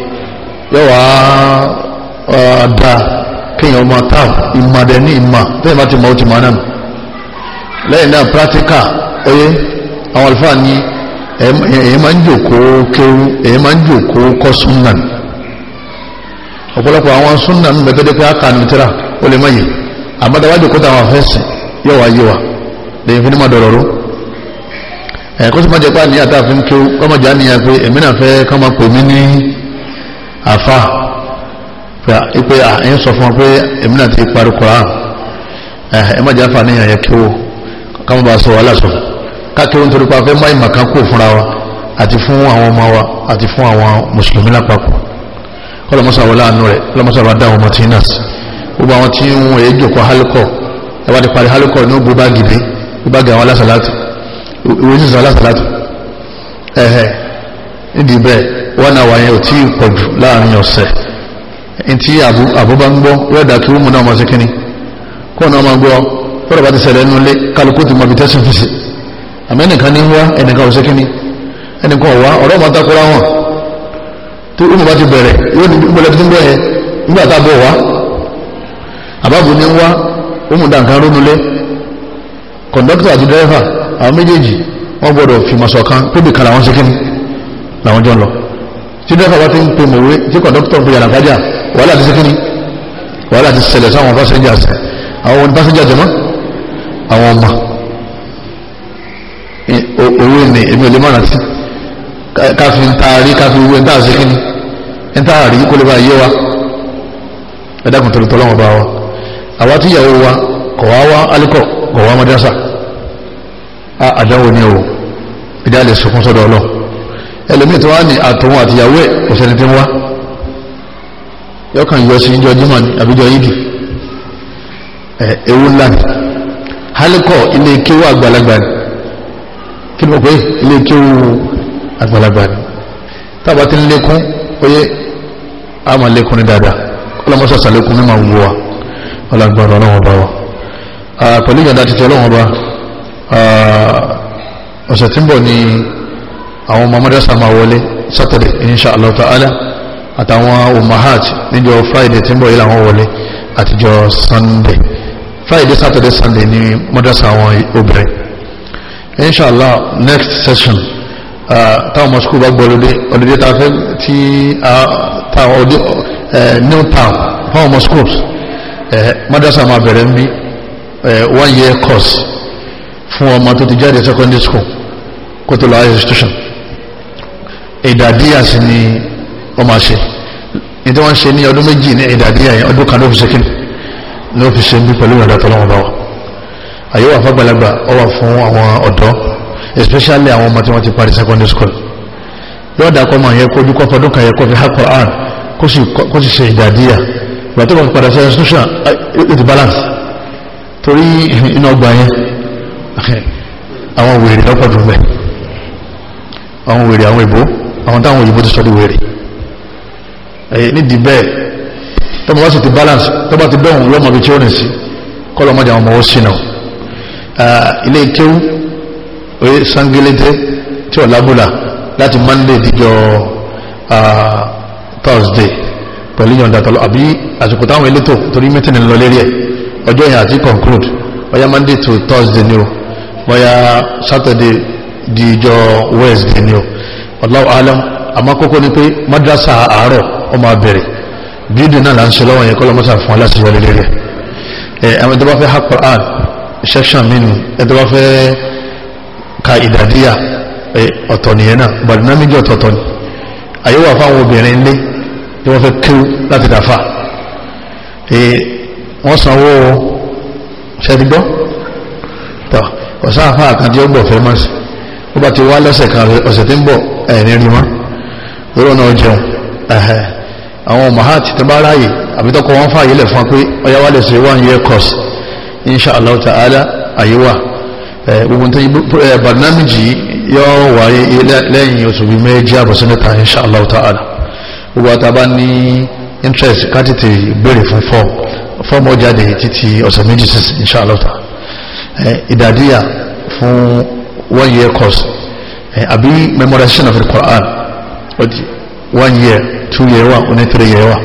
yóò wá dá kéèyàn ọmọ táà ìmọ̀dẹ̀ ní ìmọ̀ tẹ́yìn bá ti mọ̀ ó ti mọ̀ náà lẹ́yìn náà pírátíkà oyé àwọn àlùfáà ní èyí máa ń jòkóó kéwú èyí máa ń jòkóó kọ́ súnnà ọ̀pọ̀lọpọ̀ àwọn súnnà ń bẹ̀ tẹ́lẹ̀ pé a kà ní tíra ó lè mọ̀yè àbádáwájú kó táwọn afẹ́sìn yóò wá yé wa lèyìn fún ní máa dọ̀rọ̀ ró ẹ̀kọ́ sì máa jẹ́ pé àníyàn tá fi ń kéwú kọ́ máa pé èmi náà fẹ́ kọ́ àfá pé àyín sọ fún wọn pé èmi náà ti parí koran ẹ má jáfà ní àyẹ kí ó káwọn bá sọ wà láṣọ káàkiri nítorí pa fẹ́ máa ìmọ̀kan kó fúnra wa àti fún àwọn ọmọ wa àti fún àwọn mùsùlùmí lápapọ̀ kọlọmọsà wọlé àánú rẹ kọlọmọsà bá dá àwọn ọmọ tí náà sí gbogbo àwọn tí ń wọ̀nyí jòkó hálùkọ̀ ẹ bá ti parí hálùkọ̀ ní gbogbo báàgì bí gbogbo àwọn alásàlátì ìwé sísan alásàlátì ẹ̀hẹ̀ nídìí bẹ́ẹ̀ one hour yẹn ò tí láàrin ọ̀sẹ̀ ntí àbúbá ń gbọ́ kí wọ́n mú náà ṣe kínní kó náà gbọ́ fọ́dọ̀ bá ti ṣẹlẹ̀ nínú ilé kálukú ti mọ ibi tẹ́sán fi àmọ́ ẹnìkan ní wá ẹnìkan ò kínní ẹnìkan ò wá ọ̀rọ̀ máa takora wọn tó ìmọ̀ bá ti bẹ̀rẹ̀ yóò ní gbọ́dọ̀ tó ń nígbà tá tí dẹ́fà bá ti ń pe mòwe tí kọ̀dọ́kítọ̀ ń pe yàrá fájà wàhálà ti sẹ́kìnì wàhálà ti ṣẹlẹ̀ sáwọn pásẹ́njà sẹ́ àwọn pásẹ́njà jẹ́mọ́ àwọn ọmọ owó ni èmi ò lè mọ̀ràn sí káfí ń taari káfí owó ń taari sẹ́kìnì ń taari kó lè bá yé wa ẹ̀dàkùn tòlótọ́ lọ́wọ́ bá wa àwa tí ìyàwó wa kọ̀ wá wá alikọ̀ kọ̀ wá madrasa àdánwò ni o ìdá lè sọkún sọ́dọ̀ ọlọ́run ẹlòmíì tó wá ní àtòun àtìyàwó ẹ̀ òṣèlú tí ń wá yọkàn yọ sí ìjọ jimá ní àbíjọ yídì ẹ ewu ńlá ni hálíkọ ilé kéwú àgbàlagbà ni kí ni mo pè é ilé kéwú àgbàlagbà ni tábà ti ń lékún oyé a máa lékún ní dáadáa ọlọmọṣọ sàlékún mímọ wù wá ọlọgbàrọ ọlọwọn bá wa pẹ̀lú ìyàdá títí ọlọwọn bá ọ̀sẹ̀ tí ń bọ̀ ní àwọn ọmọ mọ́dásà máa wọlé saturday insha allah ta'ala àtàwọn umahat níjọ́ friday tí ń bọ̀ yìí làwọn wọlé àtijọ́ sunday friday saturday sunday ní mọ́dásà àwọn obìnrin insha allah next session táwọn mọ́sùkú bá gbọ́ lóde ọ̀dẹ́dẹ́ tá a fẹ́ tí new town fáwọn mọ́sùkú mọ́dásà máa bẹ̀rẹ̀ ń bí one year course fún ọmọ tó ti jáde secondary school kó tó lọ higher institution ìdàdíyà sí ni wọ́n máa ṣe ní tí wọ́n ṣe ní ọdún méjì ní ìdàdíyà yẹn ọdún kan ló fi ṣe kíni ló fi ṣe bí pẹ̀lú ìrọ̀dà tọ́lọ́wọ́n bá wa àyè wà fàgbàlagbà ọ wà fún àwọn ọ̀dọ́ especially àwọn ọmọ tí wọ́n ti parí secondary school yóò dà kọ́ máa yẹ kó ojú kọ́fọ́ ọdún kan yẹ kó fi ha Quran kó sì ṣe ìdàdíyà ìgbà tó bá fi padà sí institution yóò àwọn wèrè lọ́pọ̀ jù mẹ́ àwọn wèrè àwọn ìbò àwọn táwọn òyìnbó ti sọ ní wèrè ẹ̀yẹ nídìí bẹ́ẹ̀ tó bá sì ti balance tó bá ti bẹ́hùn lọ́mọ bí tí ó rìn sí kọ́lọ̀ mọ́jà ọmọ ó sínú ilé kéwú oye sangelete tí ò lábúlà láti monday díjọ thursday pẹ̀lú yọ̀ǹda tọ́lọ́ àbí àsìkò táwọn elétò torí mítìnì lọ lérí ẹ̀ ọjọ́ yẹn àti conclude bóyá monday to thursday ni o bóyá saturday díjọ wednesday ni o Allahu alam àmọ́ kókó pé madrasa àárọ̀ ó máa bẹ̀rẹ̀ gídì náà là ń ṣe lọ́wọ́ yẹn kọ́ lọ́mọ́sà fún aláṣẹ́wọlé lérí ẹ̀ àwọn ìjọba fẹ́ ha Quran section mi ni ìjọba fẹ́ ka ìdàdíyà ọ̀tọ̀ nìyẹn náà bàdínàmíjì ọ̀tọ̀ọ̀tọ̀ ni àyẹ̀wò àfáwọn obìnrin ilé tí wọ́n fẹ́ kíw láti ọ̀sán àfáà kan tí ó fẹ́ mọ́ ó bá ti wá lọ́sẹ̀ kan ọ̀sẹ̀ tí ń bọ̀ ẹ̀rin rí wọn lórí ọ̀nà ọjọ́ ẹ̀hẹ́ àwọn mahat tí bá ráyè àbítọ́kọ̀ wọn fààyè lẹ̀ fún pé ọya wà lè ṣe one year course insha allah ta'ala àyíwá gbogbo tó barnamiji yóò wáyé lẹ́yìn oṣù bíi méjì àbọ̀sẹ̀ mẹ́ta insha allah ta'ala gbogbo àtàbá ní interest ká tètè béèrè fún fọ́ọ̀m fọ́ọ̀mù ọjà dé títí ọ̀sẹ̀ méjì sísè insha allah ta'ala ìdàdíyà fún one year course eh, àbí memorization of the Quran one year two year wa one three year wa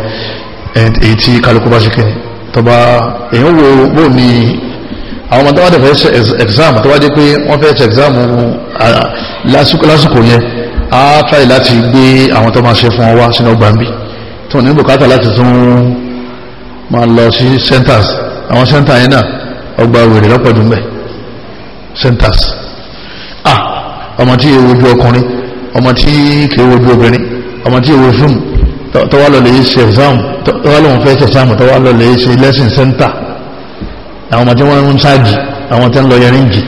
and tí kálukú bá ṣe kí ni tọba èyàn wo bó ni àwọn ọmọ tọ́wọ́ tẹ̀fẹ́ ṣe exam tó wá jẹ́ pé wọ́n fẹ́ ṣe exam lásìkò yẹn á tàì láti gbé àwọn tó máa ṣe fún ọwá sínú ọgbà ń bí tó ní bùkátà láti tún máa lọ sí centers àwọn center yẹn náà ọgbà wèrè lọ́pọ̀ jù mẹ́ centers ọmọ tí èwo ojú ọkùnrin ọmọ tí kì í wojú obìnrin ọmọ tí èwo fíìmù tọ́wá lè ṣe exam tọ́wá lòun fẹ́ ṣe exam tọ́wá lọ lè ṣe lesson center àwọn ọmọ tí wọ́n ń ṣáàjì àwọn tí ń lọ yẹrin jì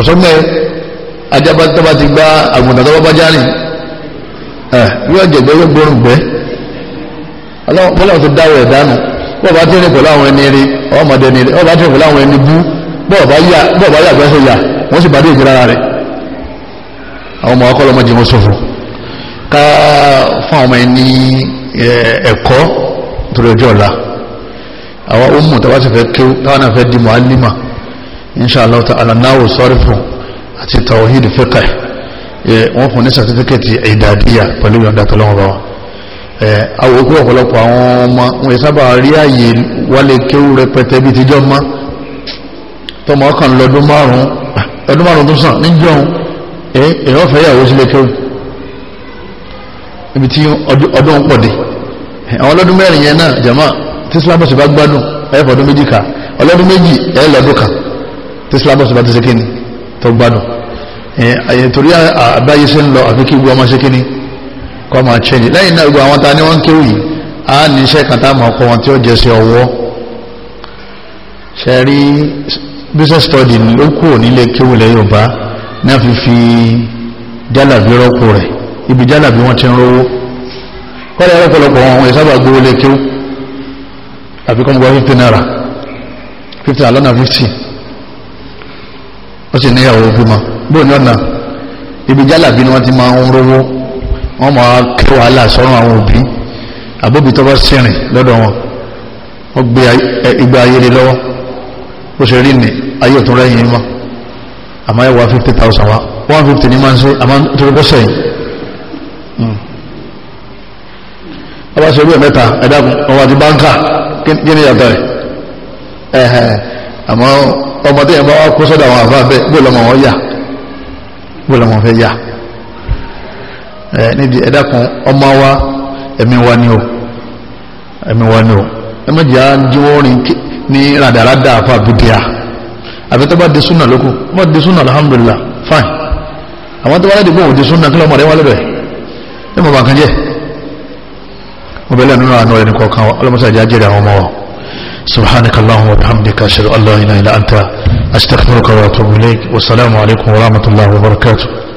ọ̀sọ́gbẹ́ ajábá tọ́ba ti gbá àgùntàn tọ́ba bá járe yóò jẹ̀gbẹ́ yóò gbórùn gbẹ́ ọlọ́wọ́ ti dáwọ̀ ẹ̀ dánù bọ́ọ̀ bá tẹ̀lé pẹ̀lú àwọn ẹni rí ọmọdé ni rí bọ́ọ̀ bá tẹ̀lé pẹ̀lú àwọn ẹni bú bọ́ọ̀ bá yà bẹ́ẹ̀ ṣe yà wọ́n sì bàdé ìjẹ́ lára rẹ̀ àwọn ọmọ akọ́lọ́ ọmọdé wọn sọ̀fọ̀ ká fún àwọn ọmọ ẹni ẹ̀kọ́ torí ọjọ́ ọ̀la àwọn ohun tàbá sì fẹ́ kéw táwọn náà fẹ́ di mọ̀álímà inṣàlá ọ̀tá alanáwò sọ́rífù àti tawhid fẹ́kà wọ́n fún ní sàtífíkẹ́tì ìdàdíyà pẹ̀lú ìyọ̀ǹda tọ́lọ́wọ́ bá tọmọ ọkàn lọ́dún márùn-ún ọdún márùn tó sàn níjọ́ èèyàn fẹ́ yàwó sílé kéwù ibi tí ọdún pọ̀ dé àwọn ọlọ́dún mẹ́rin yẹn náà jama tí sílábọ̀sì bá gbádùn ẹ̀ fọdún méjì ká ọlọ́dún méjì ẹ̀ lọ́dún kan tí sílábọ̀sì bá ti ṣe kíni tó gbádùn ẹ̀yẹ torí àbáyé ṣe ń lọ àfi kí gbọ́ ọmọ ṣe kíni kọ́ máa change lẹ́yìn náà gbọ́ àwọn ta ni wọ́n ń kéwì á ní iṣẹ́ kan tá a máa kọ́ wọn tí ó jẹ́ sí ọwọ́ ṣe rí business study ló kú nílé kíwòlẹ̀ yorùbá náà fi fi jálàbí rọ́pò rẹ̀ ibi jálàbí wọ́n ti ń rówó kọ́lẹ̀ ọ̀pọ̀lọpọ̀ àwọn ìsábà gbówó lé kíw àfikún gba 50 naira 50 alọ́nà 50 ó sì níyàwó bímọ bóun lọ́nà ibi jálàbí ni wọ́n ti máa ń rówó wọ́n máa kí wàhálà sọ́run àwọn òbí àbóbi tó bá sírìn lọ́dọ̀ wọn wọ́n gbé ìgbé ayé lọ́wọ́ ó ṣe rí ní ayé ọ̀tún rẹ́yìn mọ́ àmọ́ ẹwà 50,000 wá 150 ní máa ń ṣe àmọ́ torí bọ́ sẹ́yìn hmm. ọba ṣe orí ẹ̀mẹ́ta ẹ̀dàkùn ọba ti báńkà kí ni yàtọ̀ ẹ̀ ẹ̀hẹ̀ àmọ́ ọmọ tí ẹ̀mọ́ wá kó sọ́dọ̀ àwọn àfáà bẹ́ẹ̀ bó lọmọ wọn yà bó lọmọ fẹ́ yà ẹ̀ níbi ẹ̀dàkùn ọmọ wa ẹ̀mí wa ni o ẹ̀mí wa ni o ẹ̀mẹ́jì á jíwọ́ rìn ní ràdàràdà àfa bìdíà àfi tó bá di súnà lóko bá di súnà alhamdulillah fine àwọn tó bá láti gbóhùn di súnà kí lọ́mọ rẹ wá lọ́dọ̀ ẹ̀ ẹ mọ̀ bá kan jẹ́ mo bẹ̀rẹ̀ nínú àánú ẹni kọ̀ọ̀kan ọlọ́mọsá ìjà jẹ́rẹ̀ àwọn ọmọ سبحانك اللهم وبحمدك اشهد ان لا اله الا انت استغفرك واتوب اليك والسلام عليكم ورحمة الله وبركاته